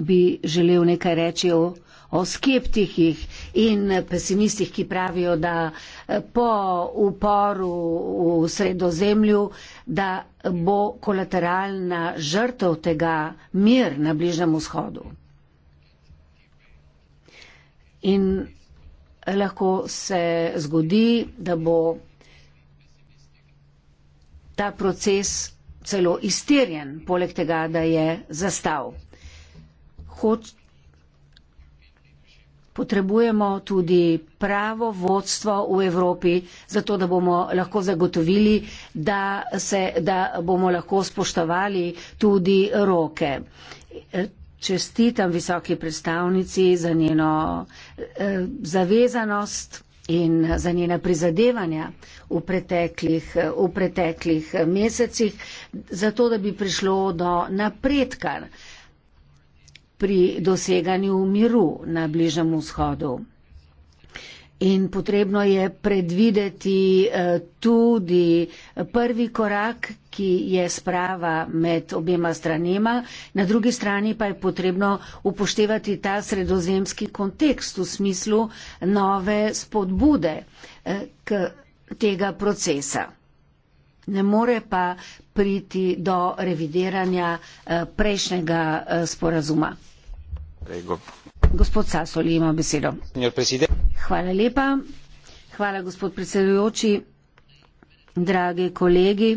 bi želel nekaj reči o, o skeptikih in pesimistih, ki pravijo, da eh, po uporu v sredozemlju, da bo kolateralna žrtev tega mir na Bližnem vzhodu. In lahko se zgodi, da bo ta proces celo izterjen, poleg tega, da je zastav hoč, potrebujemo tudi pravo vodstvo v Evropi, zato da bomo lahko zagotovili, da, se, da bomo lahko spoštovali tudi roke. Čestitam visoki predstavnici za njeno eh, zavezanost in za njene prizadevanja v preteklih, v preteklih mesecih, zato da bi prišlo do napredka pri doseganju miru na Bližnem vzhodu. In potrebno je predvideti eh, tudi prvi korak, ki je sprava med obema stranima, na drugi strani pa je potrebno upoštevati ta sredozemski kontekst v smislu nove spodbude eh, k tega procesa ne more pa priti do revidiranja eh, prejšnjega eh, sporazuma. Rego. Gospod Sasoli ima besedo. Hvala lepa. Hvala, gospod predsedujoči, dragi kolegi.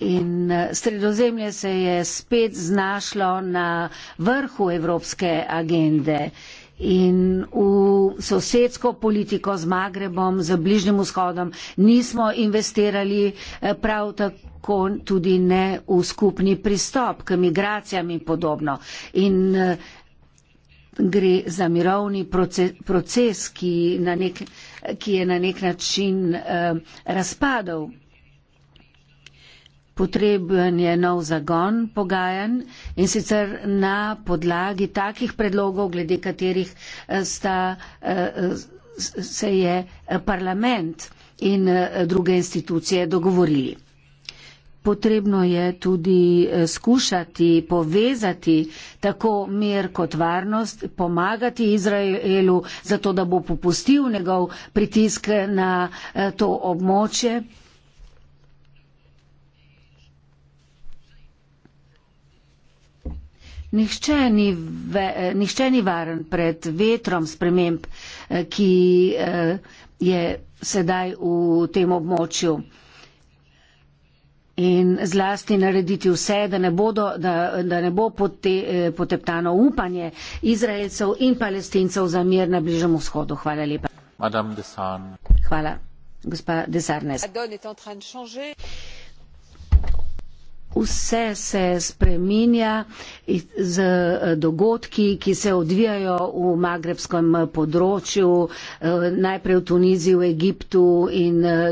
In eh, sredozemlje se je spet znašlo na vrhu evropske agende in v sosedsko politiko z Magrebom, z Bližnjim vzhodom nismo investirali eh, prav tako tudi ne v skupni pristop k migracijam in podobno. In eh, gre za mirovni proces, proces ki, na nek, ki je na nek način eh, razpadal potreben je nov zagon pogajanj in sicer na podlagi takih predlogov, glede katerih eh, sta, eh, se je eh, parlament in druge institucije dogovorili. Potrebno je tudi skušati povezati tako mir kot varnost, pomagati Izraelu, zato da bo popustil njegov pritisk na to območje. Nihče ni, ve, nihče ni varen pred vetrom sprememb, eh, ki eh, je sedaj v tem območju. In zlasti narediti vse, da ne, bodo, da, da ne bo pote, eh, poteptano upanje Izraelcev in palestincev za mir na Bližnem vzhodu. Hvala lepa. Hvala, gospa Desarnes. Vse se spreminja z eh, dogodki, ki se odvijajo v magrebskem področju, eh, najprej v Tuniziji, v Egiptu in eh,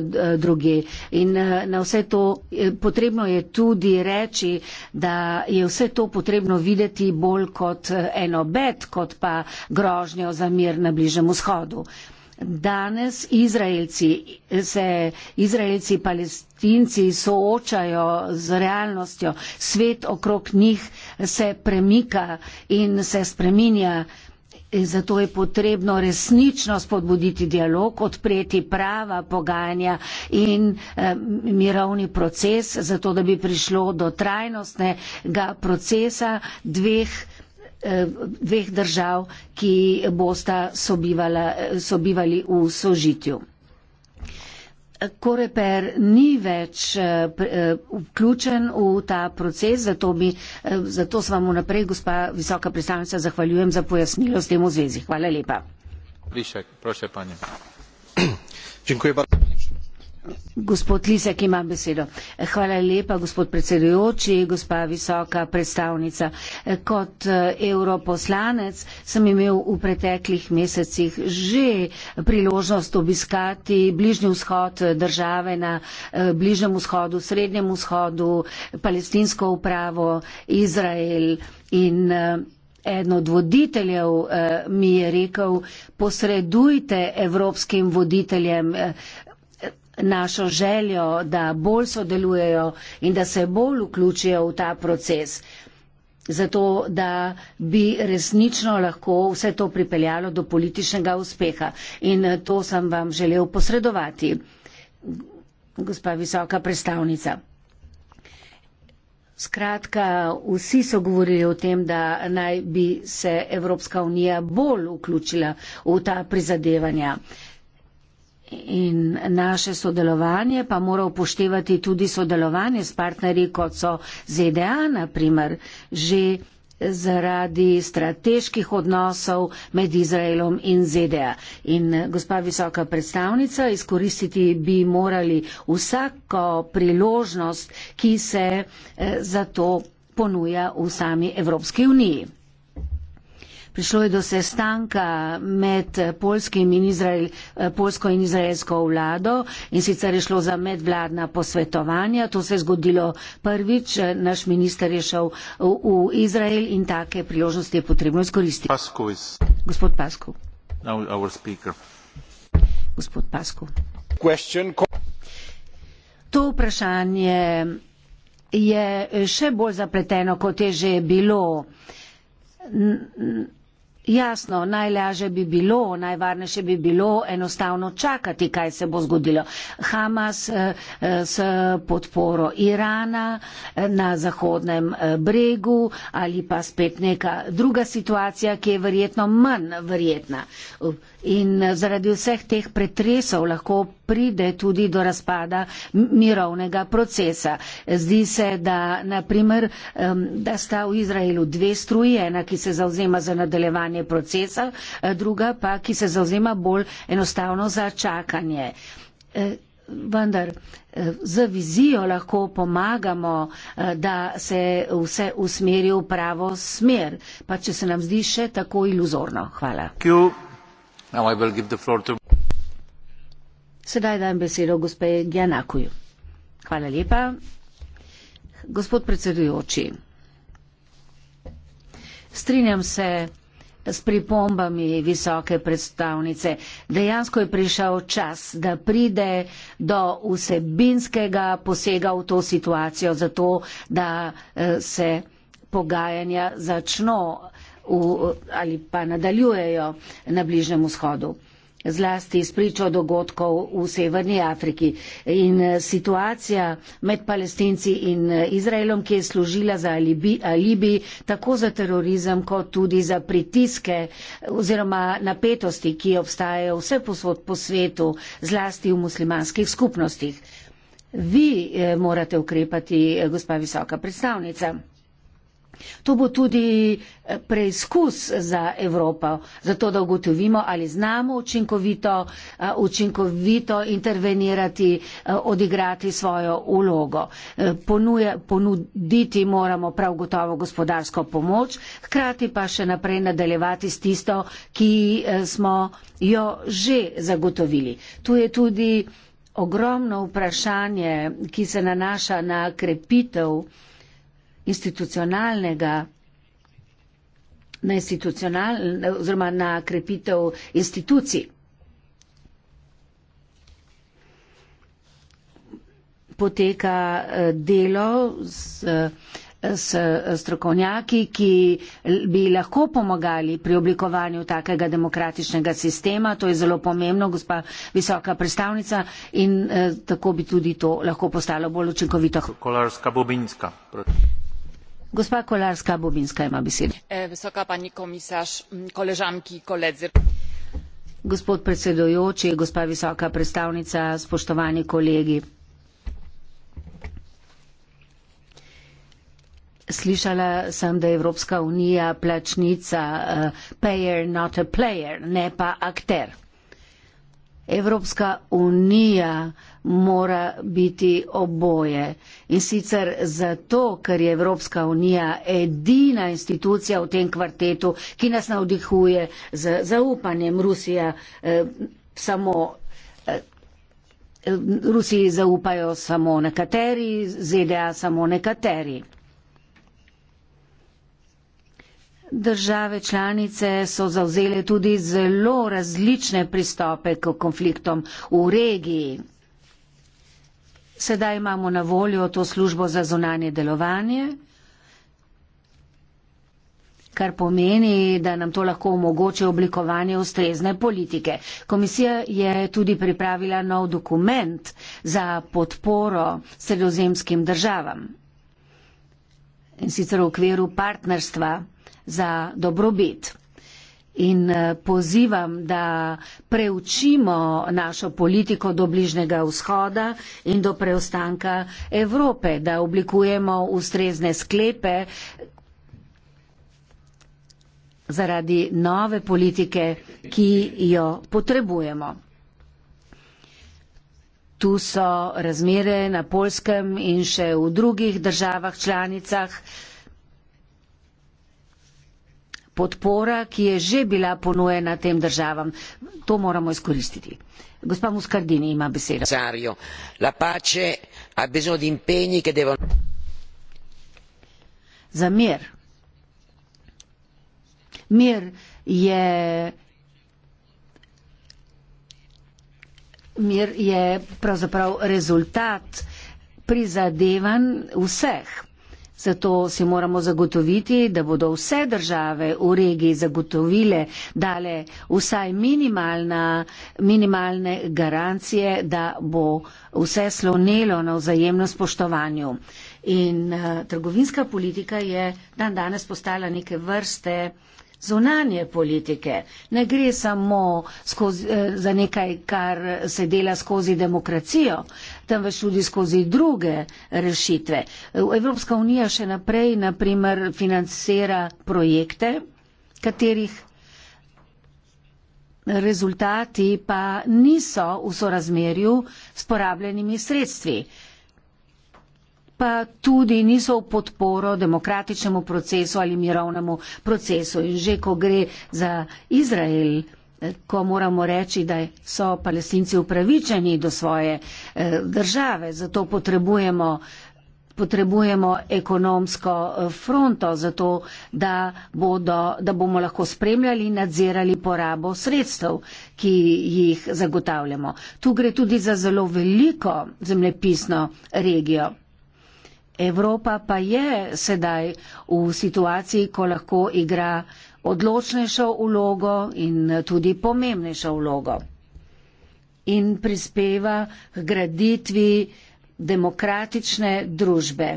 druge. In na vse to potrebno je tudi reči, da je vse to potrebno videti bolj kot eno bed, kot pa grožnjo za mir na Bližnem vzhodu. Danes Izraelci, se Izraelci in Palestinci soočajo z realnostjo, svet okrog njih se premika in se spreminja. In zato je potrebno resnično spodbuditi dialog, odpreti prava pogajanja in eh, mirovni proces, zato da bi prišlo do trajnostnega procesa dveh. Eh, dveh držav, ki bosta sobivali v sožitju. Koreper ni več eh, eh, vključen v ta proces, zato, bi, zato sva mu naprej, gospa visoka predstavnica, zahvaljujem za pojasnilo s tem v zvezi. Hvala lepa. Višek, prošaj, Gospod Lisek ima besedo. Hvala lepa, gospod predsedujoči, gospa visoka predstavnica. Kot europoslanec eh, sem imel v preteklih mesecih že priložnost obiskati bližnji vzhod države na eh, bližnjem vzhodu, srednjem vzhodu, palestinsko upravo, Izrael in. Eden eh, od voditeljev eh, mi je rekel, posredujte evropskim voditeljem eh, našo željo, da bolj sodelujejo in da se bolj vključijo v ta proces. Zato, da bi resnično lahko vse to pripeljalo do političnega uspeha. In eh, to sem vam želel posredovati, gospa visoka predstavnica. Skratka, vsi so govorili o tem, da naj bi se Evropska unija bolj vključila v ta prizadevanja. Uh, In naše sodelovanje pa mora upoštevati tudi sodelovanje s partnerji, kot so ZDA, naprimer, že zaradi strateških odnosov med Izraelom in ZDA. In gospa visoka predstavnica, izkoristiti bi morali vsako priložnost, ki se eh, za to ponuja v sami Evropski uniji prišlo je do sestanka med in Izrael, eh, polsko in izraelsko vlado in sicer je šlo za medvladna posvetovanja. To se je zgodilo prvič, eh, naš minister je šel v, v Izrael in take priložnosti je potrebno izkoristiti. Pasko is... Gospod Pasko. Gospod Pasko. Question... To vprašanje je še bolj zapleteno, kot je že bilo. Jasno, najlažje bi bilo, najvarnejše bi bilo enostavno čakati, kaj se bo zgodilo. Hamas eh, eh, s podporo Irana eh, na Zahodnem bregu ali pa spet neka druga situacija, ki je verjetno manj verjetna. In eh, zaradi vseh teh pretresov lahko pride tudi do razpada mirovnega procesa. Zdi se, da, naprimer, da sta v Izraelu dve struji, ena, ki se zauzema za nadaljevanje procesa, eh, druga pa, ki se zauzema bolj enostavno za čakanje. Eh, vendar z vizijo lahko pomagamo, da se vse usmeri v pravo smer, pa če se nam zdi še tako iluzorno. Hvala. Kjo? Sedaj dajem besedo gospe Gjanakuju. Hvala lepa. Gospod predsedujoči, strinjam se s pripombami visoke predstavnice. Dejansko je prišel čas, da pride do vsebinskega posega v to situacijo, zato da eh, se pogajanja začno v, ali pa nadaljujejo na Bližnem vzhodu. Zlasti spričo dogodkov v Severni Afriki in eh, situacija med palestinci in eh, Izraelom, ki je služila za alibi, alibi tako za terorizem, kot tudi za pritiske eh, oziroma napetosti, ki obstajajo vse posod po svetu, zlasti v muslimanskih skupnostih. Vi morate ukrepati, gospa visoka predstavnica. To bo tudi eh, preizkus za Evropo, zato da ugotovimo, ali znamo učinkovito, eh, učinkovito intervenirati, eh, odigrati svojo ulogo. Ponuje, ponuditi moramo prav gotovo gospodarsko pomoč, hkrati pa še naprej nadaljevati s tisto, ki smo jo že zagotovili. Tu je tudi ogromno vprašanje, ki se nanaša na krepitev institucionalnega na institucional, oziroma na krepitev institucij. Poteka eh, delo s, eh, s eh, strokovnjaki, ki bi lahko pomagali pri oblikovanju takega demokratičnega sistema. To je zelo pomembno, gospa visoka predstavnica, in tako bi tudi to lahko postalo bolj učinkovito. Kolarska Bobinska. Prosim. E, visoka pani komisarz koleżanki i koledzy gospod predsedujoči gospa visoka predstavnica spoštovani kolegi slišala sem da je evropska unija plačnica uh, payer not a player ne pa akter Evropska unija mora biti oboje. In sicer zato, ker je Evropska unija edina institucija v tem kvartetu, ki nas navdihuje z zaupanjem. Rusija eh, samo. Eh, Rusiji zaupajo samo nekateri, ZDA samo nekateri. Države članice so zauzele tudi zelo različne pristope k konfliktom v regiji. Sedaj imamo na voljo to službo za zunanje delovanje, kar pomeni, da nam to lahko omogoče oblikovanje ustrezne politike. Komisija je tudi pripravila nov dokument za podporo sredozemskim državam in sicer v okviru partnerstva za dobrobit. In eh, pozivam, da preučimo našo politiko do bližnjega vzhoda in do preostanka Evrope, da oblikujemo ustrezne sklepe zaradi nove politike, ki jo potrebujemo. Tu so razmere na Polskem in še v drugih državah članicah, podpora, ki je že bila ponujena tem državam. To moramo izkoristiti. Gospa Muscardini ima besedo. Za mir. Mir je. Mir je pravzaprav rezultat prizadevanj vseh. Zato si moramo zagotoviti, da bodo vse države v regiji zagotovile, dale vsaj minimalna, minimalne garancije, da bo vse slonelo na vzajemno spoštovanju. In uh, trgovinska politika je dan danes postala neke vrste uh, zunanje politike. Ne gre samo skozi, eh, za nekaj, kar se dela skozi demokracijo, temveč tudi skozi druge rešitve. Evropska unija še naprej naprimer financira projekte, katerih rezultati pa niso v sorazmerju s porabljenimi sredstvi pa tudi niso v podporo demokratičnemu procesu ali mirovnemu procesu. In že ko gre za Izrael, eh, ko moramo reči, da so palestinci upravičeni do svoje eh, države, zato potrebujemo potrebujemo ekonomsko eh, fronto zato, da, bodo, da bomo lahko spremljali in nadzirali porabo sredstev, ki jih zagotavljamo. Tu gre tudi za zelo veliko zemljepisno regijo. Evropa pa je sedaj v situaciji, ko lahko igra odločnejšo vlogo in tudi pomembnejšo vlogo in prispeva k graditvi demokratične družbe,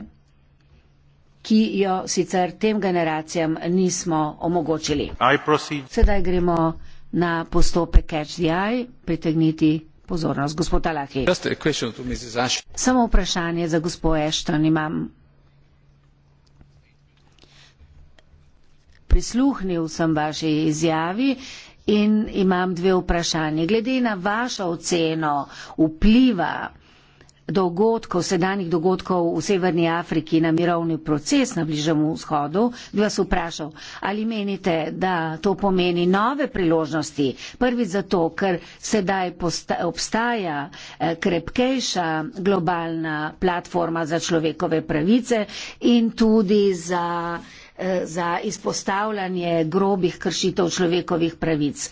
ki jo sicer tem generacijam nismo omogočili. Sedaj gremo na postopek HDI, pritegniti pozornost. Gospod Alahi. Samo vprašanje za gospo Ashton imam. Prisluhnil sem vaši izjavi in imam dve vprašanje. Glede na vašo oceno vpliva dogodkov, sedanjih dogodkov v Severni Afriki na mirovni proces na Bližnem vzhodu, bi vas vprašal, ali menite, da to pomeni nove priložnosti? Prvi zato, ker sedaj obstaja eh, krepkejša globalna platforma za človekove pravice in tudi za eh, za izpostavljanje grobih kršitev človekovih pravic.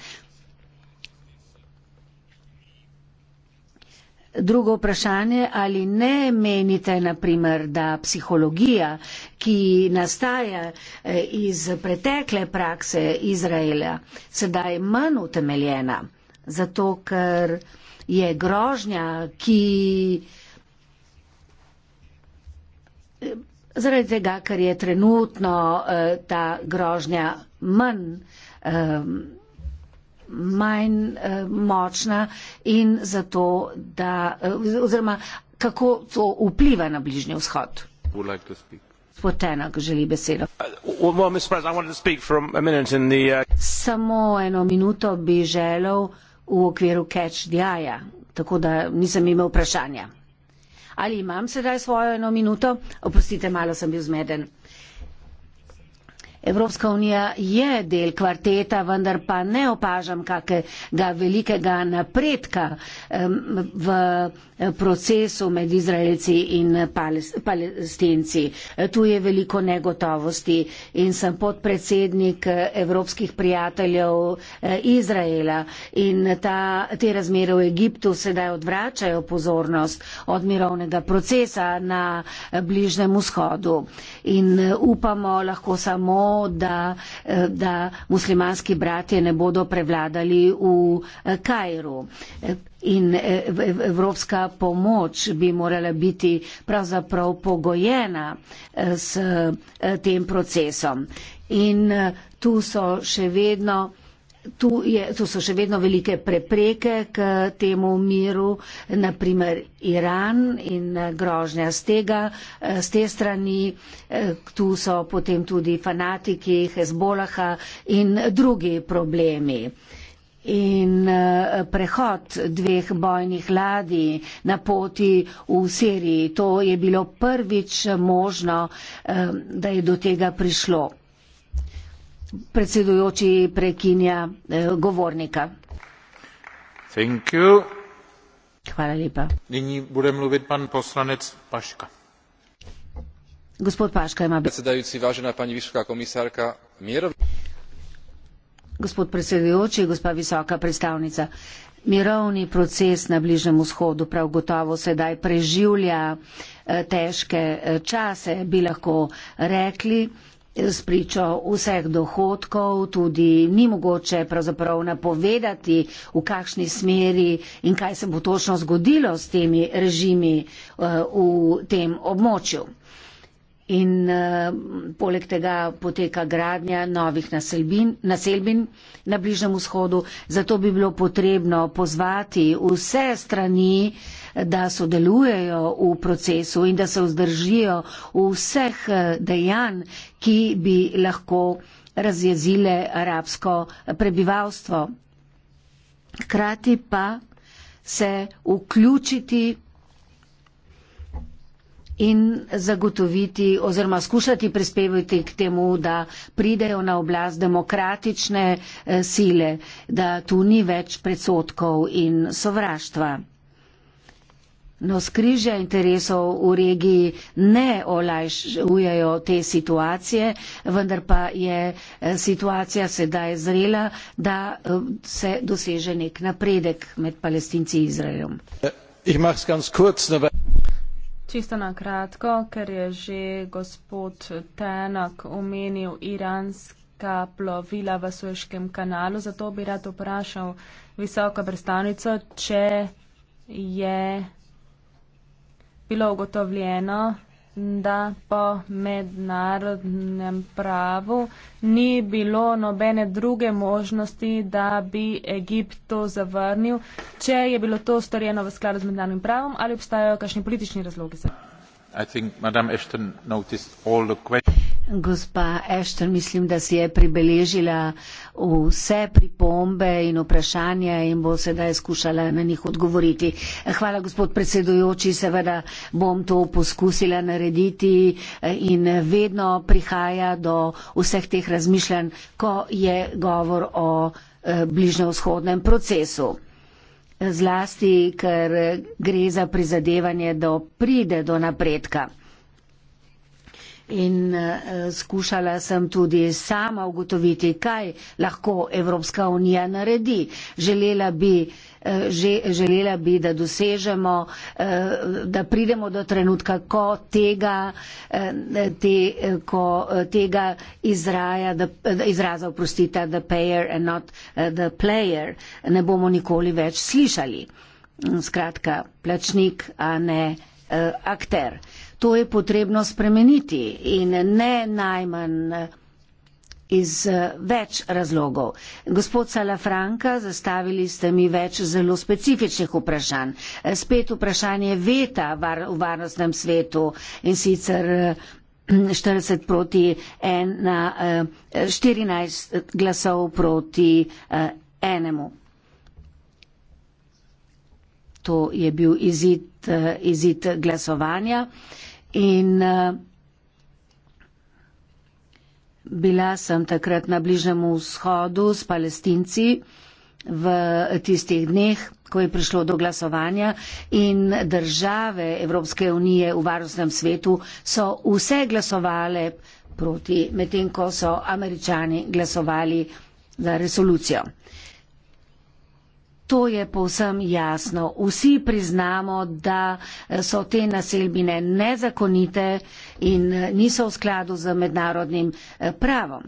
Drugo vprašanje, ali ne menite, naprimer, da psihologija, ki nastaja eh, iz pretekle prakse Izraela, sedaj manj utemeljena, zato ker je grožnja, ki eh, zaradi tega, ker je trenutno eh, ta grožnja manj eh, manj uh, močna in zato, da, uh, oziroma kako to vpliva na bližnji vzhod. Spotenak želi besedo. Uh, uh, Samo eno minuto bi želel v okviru catch diaja, tako da nisem imel vprašanja. Ali imam sedaj svojo eno minuto? Oprostite, malo sem bil zmeden. Evropska unija je del kvarteta, vendar pa ne opažam kakega velikega napredka v procesu med Izraelci in palestinci. Tu je veliko negotovosti in sem podpredsednik evropskih prijateljev eh, Izraela in ta, te razmere v Egiptu sedaj odvračajo pozornost od mirovnega procesa na eh, Bližnem vzhodu. In eh, upamo lahko samo, da, da muslimanski bratje ne bodo prevladali v eh, Kajru. In eh, evropska pomoč bi morala biti pravzaprav pogojena eh, s tem procesom. In tu so še vedno Tu, je, tu so še vedno velike prepreke k temu miru, naprimer Iran in eh, grožnja z tega, z eh, te strani, eh, tu so potem tudi fanatiki Hezbolaha in drugi problemi. In prehod dveh bojnih ladi na poti v Siriji, to je bilo prvič možno, da je do tega prišlo predsedujoči prekinja eh, govornika. Thank you. Hvala lepa. Nini bude mluvit pan poslanec Paška. Gospod Paška ima predsedajoči, važena pani visoka komisarka Mirov. Gospod predsedujoči, gospa visoka predstavnica. Mirovni proces na Bližnem vzhodu prav gotovo sedaj preživlja eh, težke eh, čase, bi lahko rekli spričo vseh dohodkov, tudi ni mogoče pravzaprav napovedati, v kakšni smeri in kaj se bo točno zgodilo s temi režimi eh, v tem območju. In eh, poleg tega poteka gradnja novih naselbin, naselbin na Bližnem vzhodu, zato bi bilo potrebno pozvati vse strani, da sodelujejo v procesu in da se vzdržijo vseh eh, dejanj, ki bi lahko razjezile arabsko eh, prebivalstvo. Krati pa se vključiti in zagotoviti oziroma skušati prispevati k temu, da pridejo na oblast demokratične eh, sile, da tu ni več predsotkov in sovraštva. No, skrižja interesov v regiji ne olajšujejo te situacije, vendar pa je eh, situacija sedaj zrela, da eh, se doseže nek napredek med palestinci in Izraelom. Eh, Čisto na kratko, ker je že gospod Tenak omenil iranska plovila v Sueškem kanalu, zato bi rad vprašal visoko predstavnico, če je bilo ugotovljeno, da po mednarodnem pravu ni bilo nobene druge možnosti, da bi Egipt to zavrnil, če je bilo to storjeno v skladu z mednarodnim pravom ali obstajajo kakšni politični razlogi za to. Gospa Ešter, mislim, da si je pribeležila vse pripombe in vprašanja in bo sedaj skušala na njih odgovoriti. Hvala, gospod predsedujoči, seveda bom to poskusila narediti eh, in vedno prihaja do vseh teh razmišljanj, ko je govor o eh, bližnjevzhodnem procesu. Zlasti, ker gre za prizadevanje, da pride do napredka in uh, skušala sem tudi sama ugotoviti, kaj lahko Evropska unija naredi. Želela bi, uh, že, želela bi da dosežemo, uh, da pridemo do trenutka, ko tega, uh, te, uh, ko tega izraja, da, izraza, oprostite, the payer and not uh, the player, ne bomo nikoli več slišali. Skratka, plačnik, a ne uh, akter. Uh, to je potrebno spremeniti in ne najmanj iz eh, več razlogov. Gospod Salafranka, zastavili ste mi več zelo specifičnih vprašanj. Eh, spet vprašanje veta var, v varnostnem svetu in sicer 40 eh, proti 1, 14 glasov proti enemu. To je bil izid, izid glasovanja. In eh, bila sem takrat na Bližnjem vzhodu s palestinci v eh, tistih dneh, ko je prišlo do glasovanja in države Evropske unije v varnostnem svetu so vse glasovale proti, medtem ko so američani glasovali za resolucijo. To je povsem jasno. Vsi priznamo, da so te naselbine nezakonite in niso v skladu z mednarodnim eh, pravom.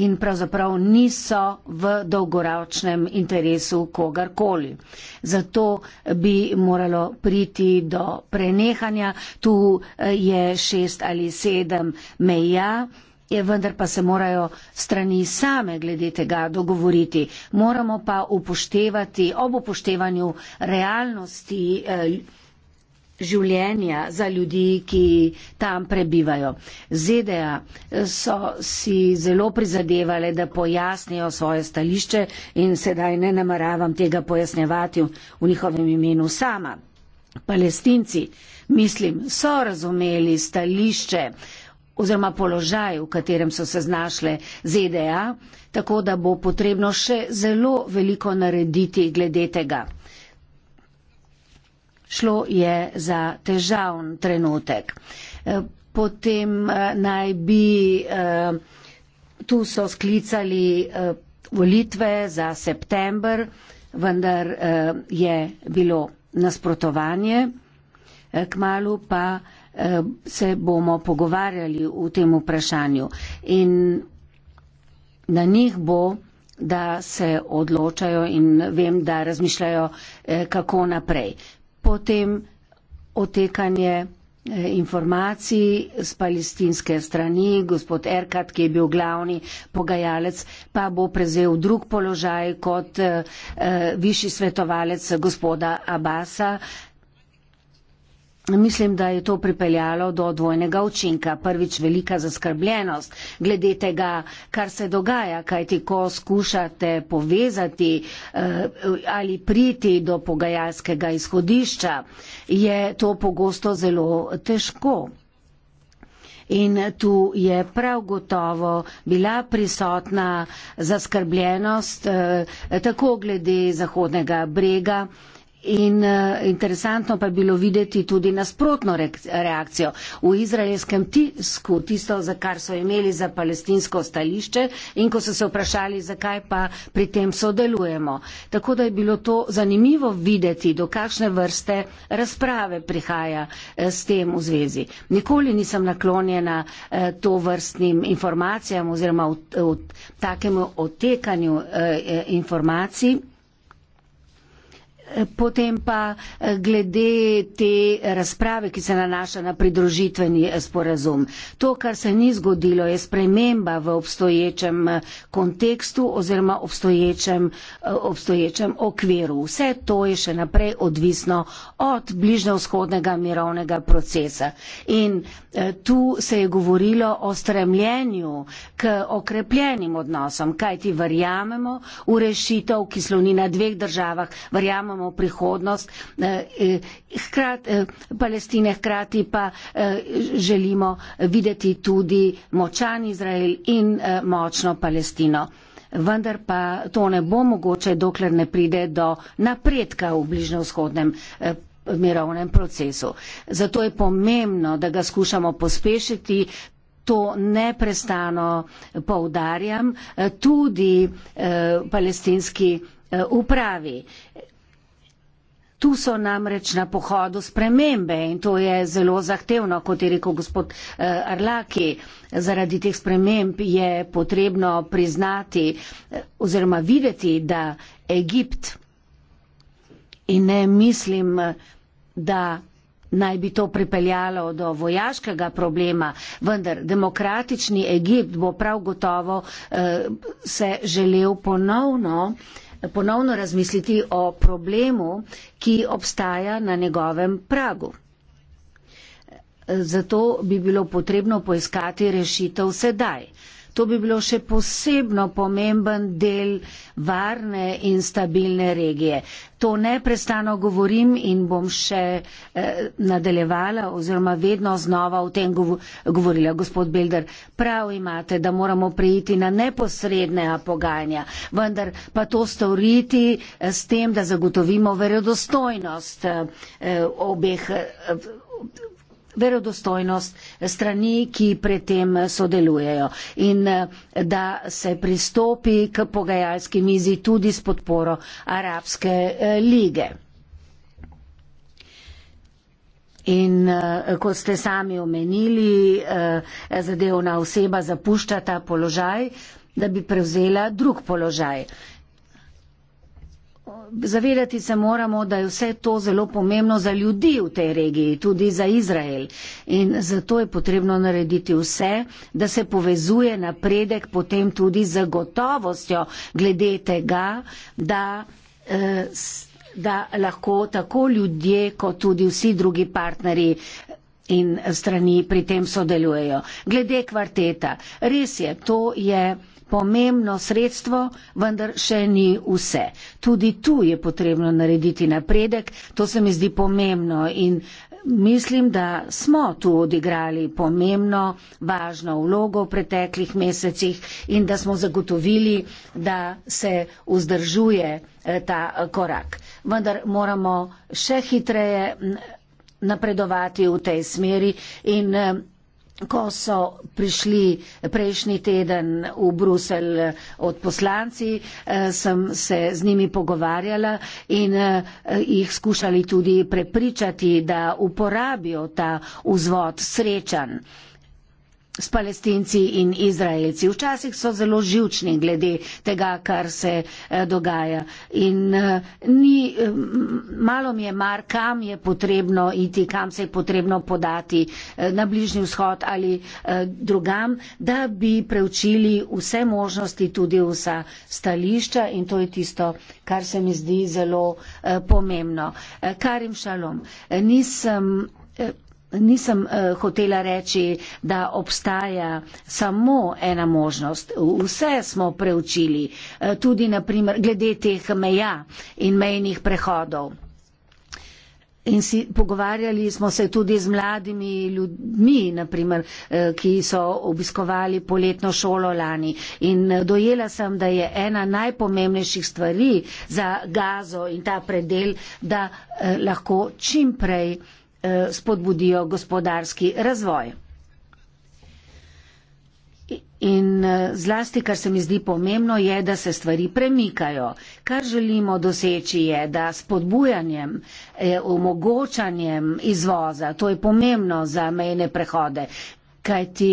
In pravzaprav niso v dolgoročnem interesu kogarkoli. Zato bi moralo priti do prenehanja. Tu eh, je šest ali sedem meja. Je vendar pa se morajo strani same glede tega dogovoriti. Moramo pa upoštevati ob upoštevanju realnosti eh, življenja za ljudi, ki tam prebivajo. ZDA eh, so si zelo prizadevali, da pojasnijo svoje stališče in sedaj ne nameravam tega pojasnjevati v njihovem imenu sama. Palestinci, mislim, so razumeli stališče uh, oziroma položaj, v katerem so se znašle ZDA, tako da bo potrebno še zelo veliko narediti glede tega. Šlo je za težavn trenutek. Eh, potem eh, naj bi eh, tu so sklicali volitve za september, vendar je bilo nasprotovanje, kmalo pa Eh, se bomo pogovarjali v tem vprašanju in na njih bo, da se odločajo in vem, da razmišljajo, eh, kako naprej. Potem otekanje eh, informacij z palestinske strani, gospod Erkat, ki je bil glavni pogajalec, pa bo prezel drug položaj kot eh, višji svetovalec gospoda Abasa, Mislim, da je to pripeljalo do dvojnega učinka. Prvič velika zaskrbljenost glede tega, kar se dogaja, kajti ko skušate povezati eh, ali priti do pogajalskega izhodišča, je to pogosto zelo težko. In tu je prav gotovo bila prisotna zaskrbljenost eh, tako glede Zahodnega brega, In uh, interesantno pa je bilo videti tudi nasprotno reakcijo. V izraelskem tisku, tisto, za kar so imeli za palestinsko stališče in ko so se vprašali, zakaj pa pri tem sodelujemo. Tako da je bilo to zanimivo videti, do kakšne vrste razprave prihaja eh, s tem v zvezi. Nikoli nisem naklonjena eh, to vrstnim informacijam oziroma v, v, v takemu otekanju eh, eh informacij. Potem pa eh, glede te razprave, ki se nanaša na pridružitveni eh, sporazum. To, kar se ni zgodilo, je sprememba v obstoječem eh, kontekstu oziroma obstoječem, obstoječem okviru. Vse to je še naprej odvisno od bližnjovzhodnega mirovnega procesa. In tu se je govorilo o stremljenju k okrepljenim odnosom, kaj ti verjamemo v rešitev, ki sloni na dveh državah, verjamemo imamo prihodnost, eh, eh, hkrati, eh, Palestine, hkrati pa želimo videti tudi močan Izrael in močno Palestino. Vendar pa to ne bo mogoče, dokler ne pride do napredka v bližnjovzhodnem mirovnem procesu. Zato je pomembno, da ga skušamo pospešiti, to neprestano poudarjam, tudi palestinski upravi. Tu so namreč na pohodu spremembe in to je zelo zahtevno, kot je rekel gospod eh, Arlaki. Zaradi teh sprememb je potrebno priznati eh, oziroma videti, da Egipt in ne mislim, da naj bi to pripeljalo do vojaškega problema, vendar demokratični Egipt bo prav gotovo eh, se želel ponovno ponovno razmisliti o problemu, ki obstaja na njegovem pragu. Zato bi bilo potrebno poiskati rešitev sedaj. To bi bilo še posebno pomemben del varne in stabilne regije. To neprestano govorim in bom še eh, nadaljevala oziroma vedno znova o tem gov govorila. Gospod Bilder, prav imate, da moramo prejiti na neposredne apoganja, vendar pa to storiti eh, s tem, da zagotovimo verodostojnost eh, obeh. Eh, verodostojnost strani, ki pred tem sodelujejo in eh, da se pristopi k pogajalski mizi tudi s podporo Arabske eh, lige. In eh, kot ste sami omenili, zadevna oseba zapušča ta položaj, da bi prevzela drug položaj. Zavedati se moramo, da je vse to zelo pomembno za ljudi v tej regiji, tudi za Izrael. In zato je potrebno narediti vse, da se povezuje napredek potem tudi z gotovostjo glede tega, da, eh, da lahko tako ljudje, kot tudi vsi drugi partneri in strani pri tem sodelujejo. Glede kvarteta, res je, to je pomembno sredstvo, vendar še ni vse. Tudi tu je potrebno narediti napredek, to se mi zdi pomembno in mislim, da smo tu odigrali pomembno, važno vlogo v preteklih mesecih in da smo zagotovili, da se vzdržuje eh, ta eh, korak. Vendar moramo še hitreje mm, napredovati v tej smeri in eh, ko so prišli prejšnji teden v Bruselj eh, od poslanci, eh, sem se z njimi pogovarjala in eh, jih skušali tudi prepričati, da uporabijo ta vzvod srečan s palestinci in izraelci. Včasih so zelo živčni glede tega, kar se eh, dogaja. In eh, ni, eh, malo mi je mar, kam je potrebno iti, kam se je potrebno podati na Bližnji vzhod ali drugam, da bi preučili vse možnosti, tudi vsa stališča in to je tisto, kar se mi zdi zelo pomembno. Karim Šalom, nisem Nisem uh, hotela reči, da obstaja samo ena možnost. Vse smo preučili, uh, tudi naprimer glede teh meja in mejnih prehodov. In si, pogovarjali smo se tudi z mladimi ljudmi, naprimer, eh, ki so obiskovali poletno šolo lani. In dojela sem, da je ena najpomembnejših stvari za gazo in ta predel, da eh, lahko čimprej. Eh, spodbudijo gospodarski razvoj. In eh, zlasti, kar se mi zdi pomembno, je, da se stvari premikajo. Kar želimo doseči je, da spodbujanjem, eh, omogočanjem izvoza, to je pomembno za mejne prehode, Kajti,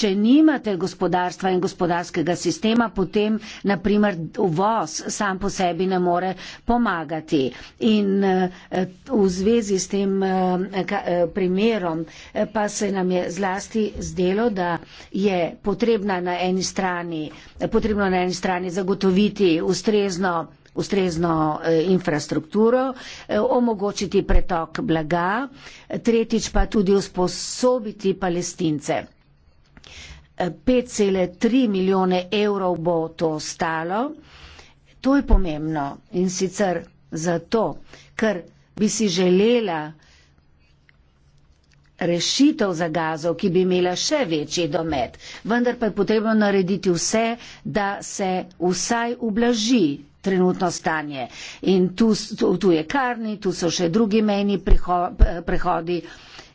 če nimate gospodarstva in gospodarskega sistema, potem naprimer uvoz sam po sebi ne more pomagati. In eh, v zvezi s tem eh, eh, primerom pa se nam je zlasti zdelo, da je potrebno na eni strani, na eni strani zagotoviti ustrezno ustrezno eh, infrastrukturo, eh, omogočiti pretok blaga, tretjič pa tudi usposobiti palestince. 5,3 eh, milijone evrov bo to stalo. To je pomembno in sicer zato, ker bi si želela rešitev za gazo, ki bi imela še večji domet. Vendar pa je potrebno narediti vse, da se vsaj ublaži trenutno stanje. In tu, tu, tu je karni, tu so še drugi meni priho, prehodi.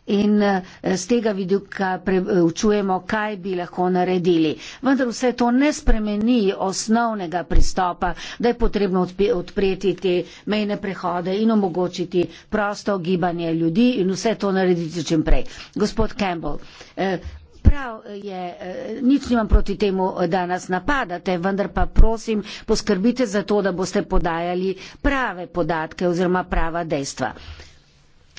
In z eh, tega vidika preučujemo, kaj bi lahko naredili. Vendar vse to ne spremeni osnovnega pristopa, da je potrebno odpreti te mejne prehode in omogočiti prosto gibanje ljudi in vse to narediti čimprej. Gospod Campbell, eh, čeprav eh, je, eh, nič nimam proti temu, eh, da nas napadate, vendar pa prosim, poskrbite za to, da boste podajali prave podatke oziroma prava dejstva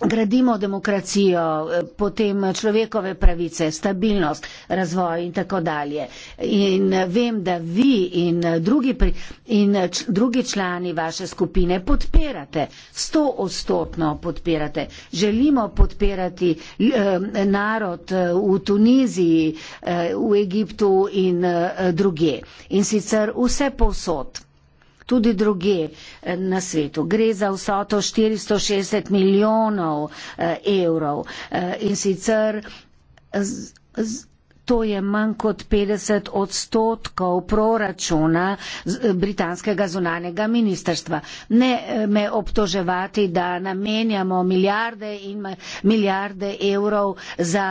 gradimo demokracijo, potem človekove pravice, stabilnost, razvoj in tako dalje. In vem, da vi in drugi, pri, in drugi člani vaše skupine podpirate, stoodstotno podpirate. Želimo podpirati eh, narod eh, v Tuniziji, eh, v Egiptu in druge. In sicer vse posod tudi druge eh, na svetu. Gre za vsoto 460 milijonov eh, evrov eh, in sicer z, z, To je manj kot 50 odstotkov proračuna britanskega zunanega ministerstva. Ne me obtoževati, da namenjamo milijarde in milijarde evrov za,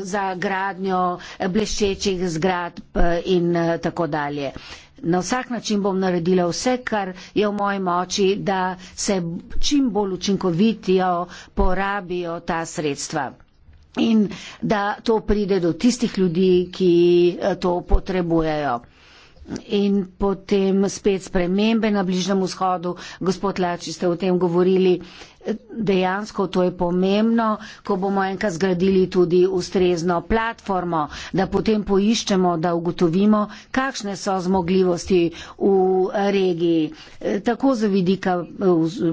za gradnjo bleščečih zgradb in tako dalje na vsak način bom naredila vse, kar je v moji moči, da se čim bolj učinkovitijo porabijo ta sredstva. In da to pride do tistih ljudi, ki eh, to potrebujejo in potem spet spremembe na Bližnem vzhodu. Gospod Lači, ste o tem govorili, dejansko to je pomembno, ko bomo enkrat zgradili tudi ustrezno platformo, da potem poiščemo, da ugotovimo, kakšne so zmogljivosti v regiji. Tako z vidika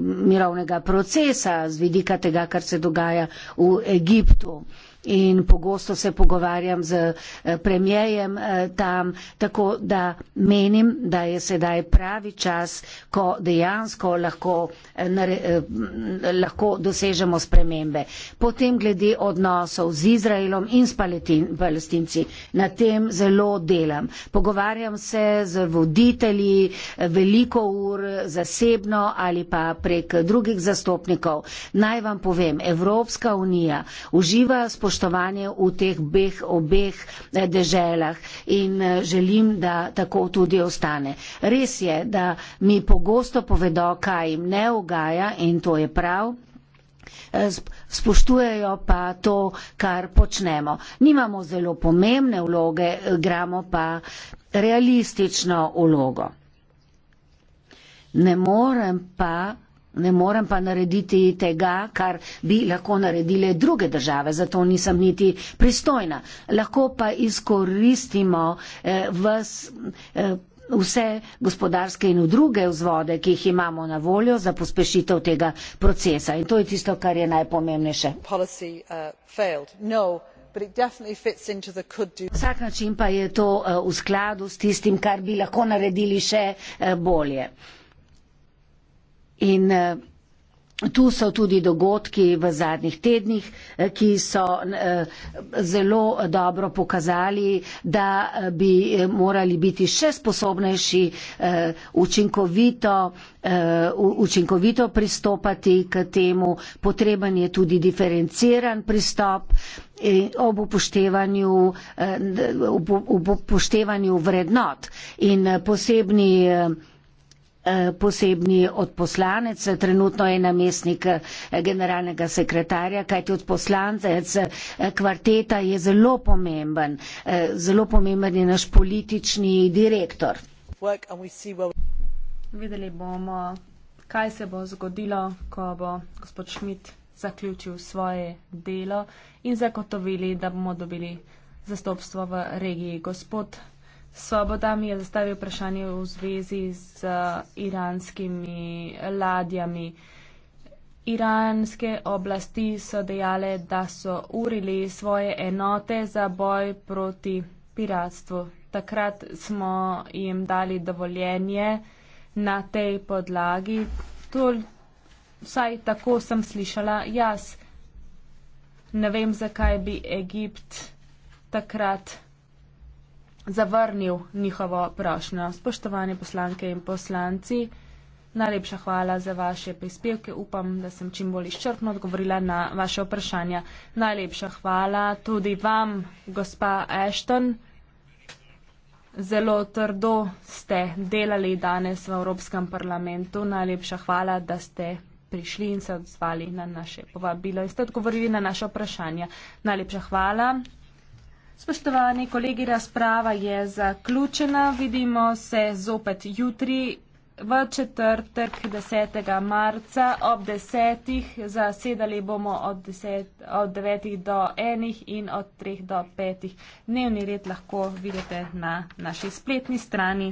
mirovnega procesa, z vidika tega, kar se dogaja v Egiptu in pogosto se pogovarjam z eh, premijejem eh, tam, tako da menim, da je sedaj pravi čas, ko dejansko lahko, eh, lahko dosežemo spremembe. Potem glede odnosov z Izraelom in s palestinci, na tem zelo delam. Pogovarjam se z voditelji veliko ur zasebno ali pa prek drugih zastopnikov. Naj vam povem, Evropska unija uživa spoštovanje spoštovanje v teh beh, obeh eh, deželah in eh, želim, da tako tudi ostane. Res je, da mi pogosto povedo, kaj jim ne ugaja in to je prav. Eh, spoštujejo pa to, kar počnemo. Nimamo zelo pomembne vloge, gramo pa realistično vlogo. Ne morem pa Ne morem pa narediti tega, kar bi lahko naredile druge države, zato nisem niti pristojna. Lahko pa izkoristimo eh, vas. Eh, vse gospodarske in druge vzvode, ki jih imamo na voljo za pospešitev tega procesa. In to je tisto, kar je najpomembnejše. Uh, no, Vsak način pa je to eh, v skladu s tistim, kar bi lahko naredili še eh, bolje. In eh, tu so tudi dogodki v zadnjih tednih, eh, ki so eh, zelo dobro pokazali, da bi morali biti še sposobnejši učinkovito učinkovito pristopati k temu. Potreben je tudi diferenciran pristop ob upoštevanju, ob upoštevanju vrednot in posebni Eh, posebni odposlanec, trenutno je namestnik eh, generalnega sekretarja, kajti odposlanec eh, kvarteta je zelo pomemben, zelo pomemben je naš politični direktor. Videli bomo, kaj se bo zgodilo, ko bo gospod Šmit zaključil svoje delo in zagotovili, da bomo dobili zastopstvo v regiji. Gospod Svoboda mi je zastavil vprašanje v zvezi z eh, iranskimi ladjami. Iranske oblasti so dejale, da so urili svoje enote za boj proti piratstvu. Takrat smo jim dali dovoljenje na tej podlagi. To, vsaj tako sem slišala jaz. Ne vem, zakaj bi Egipt takrat zavrnil njihovo prošnjo. Spoštovani poslanke in poslanci, najlepša hvala za vaše prispevke. Upam, da sem čim bolj izčrpno odgovorila na vaše vprašanja. Najlepša hvala tudi vam, gospa Ashton. Zelo trdo ste delali danes v Evropskem parlamentu. Najlepša hvala, da ste prišli in se odzvali na naše povabilo in ste odgovorili na naše vprašanje. Najlepša hvala. Spoštovani kolegi, razprava je zaključena. Vidimo se zopet jutri v četrtek 10. marca ob 10. Zasedali bomo od, 10, od 9. do 1. in od 3. do 5. Dnevni red lahko vidite na naši spletni strani.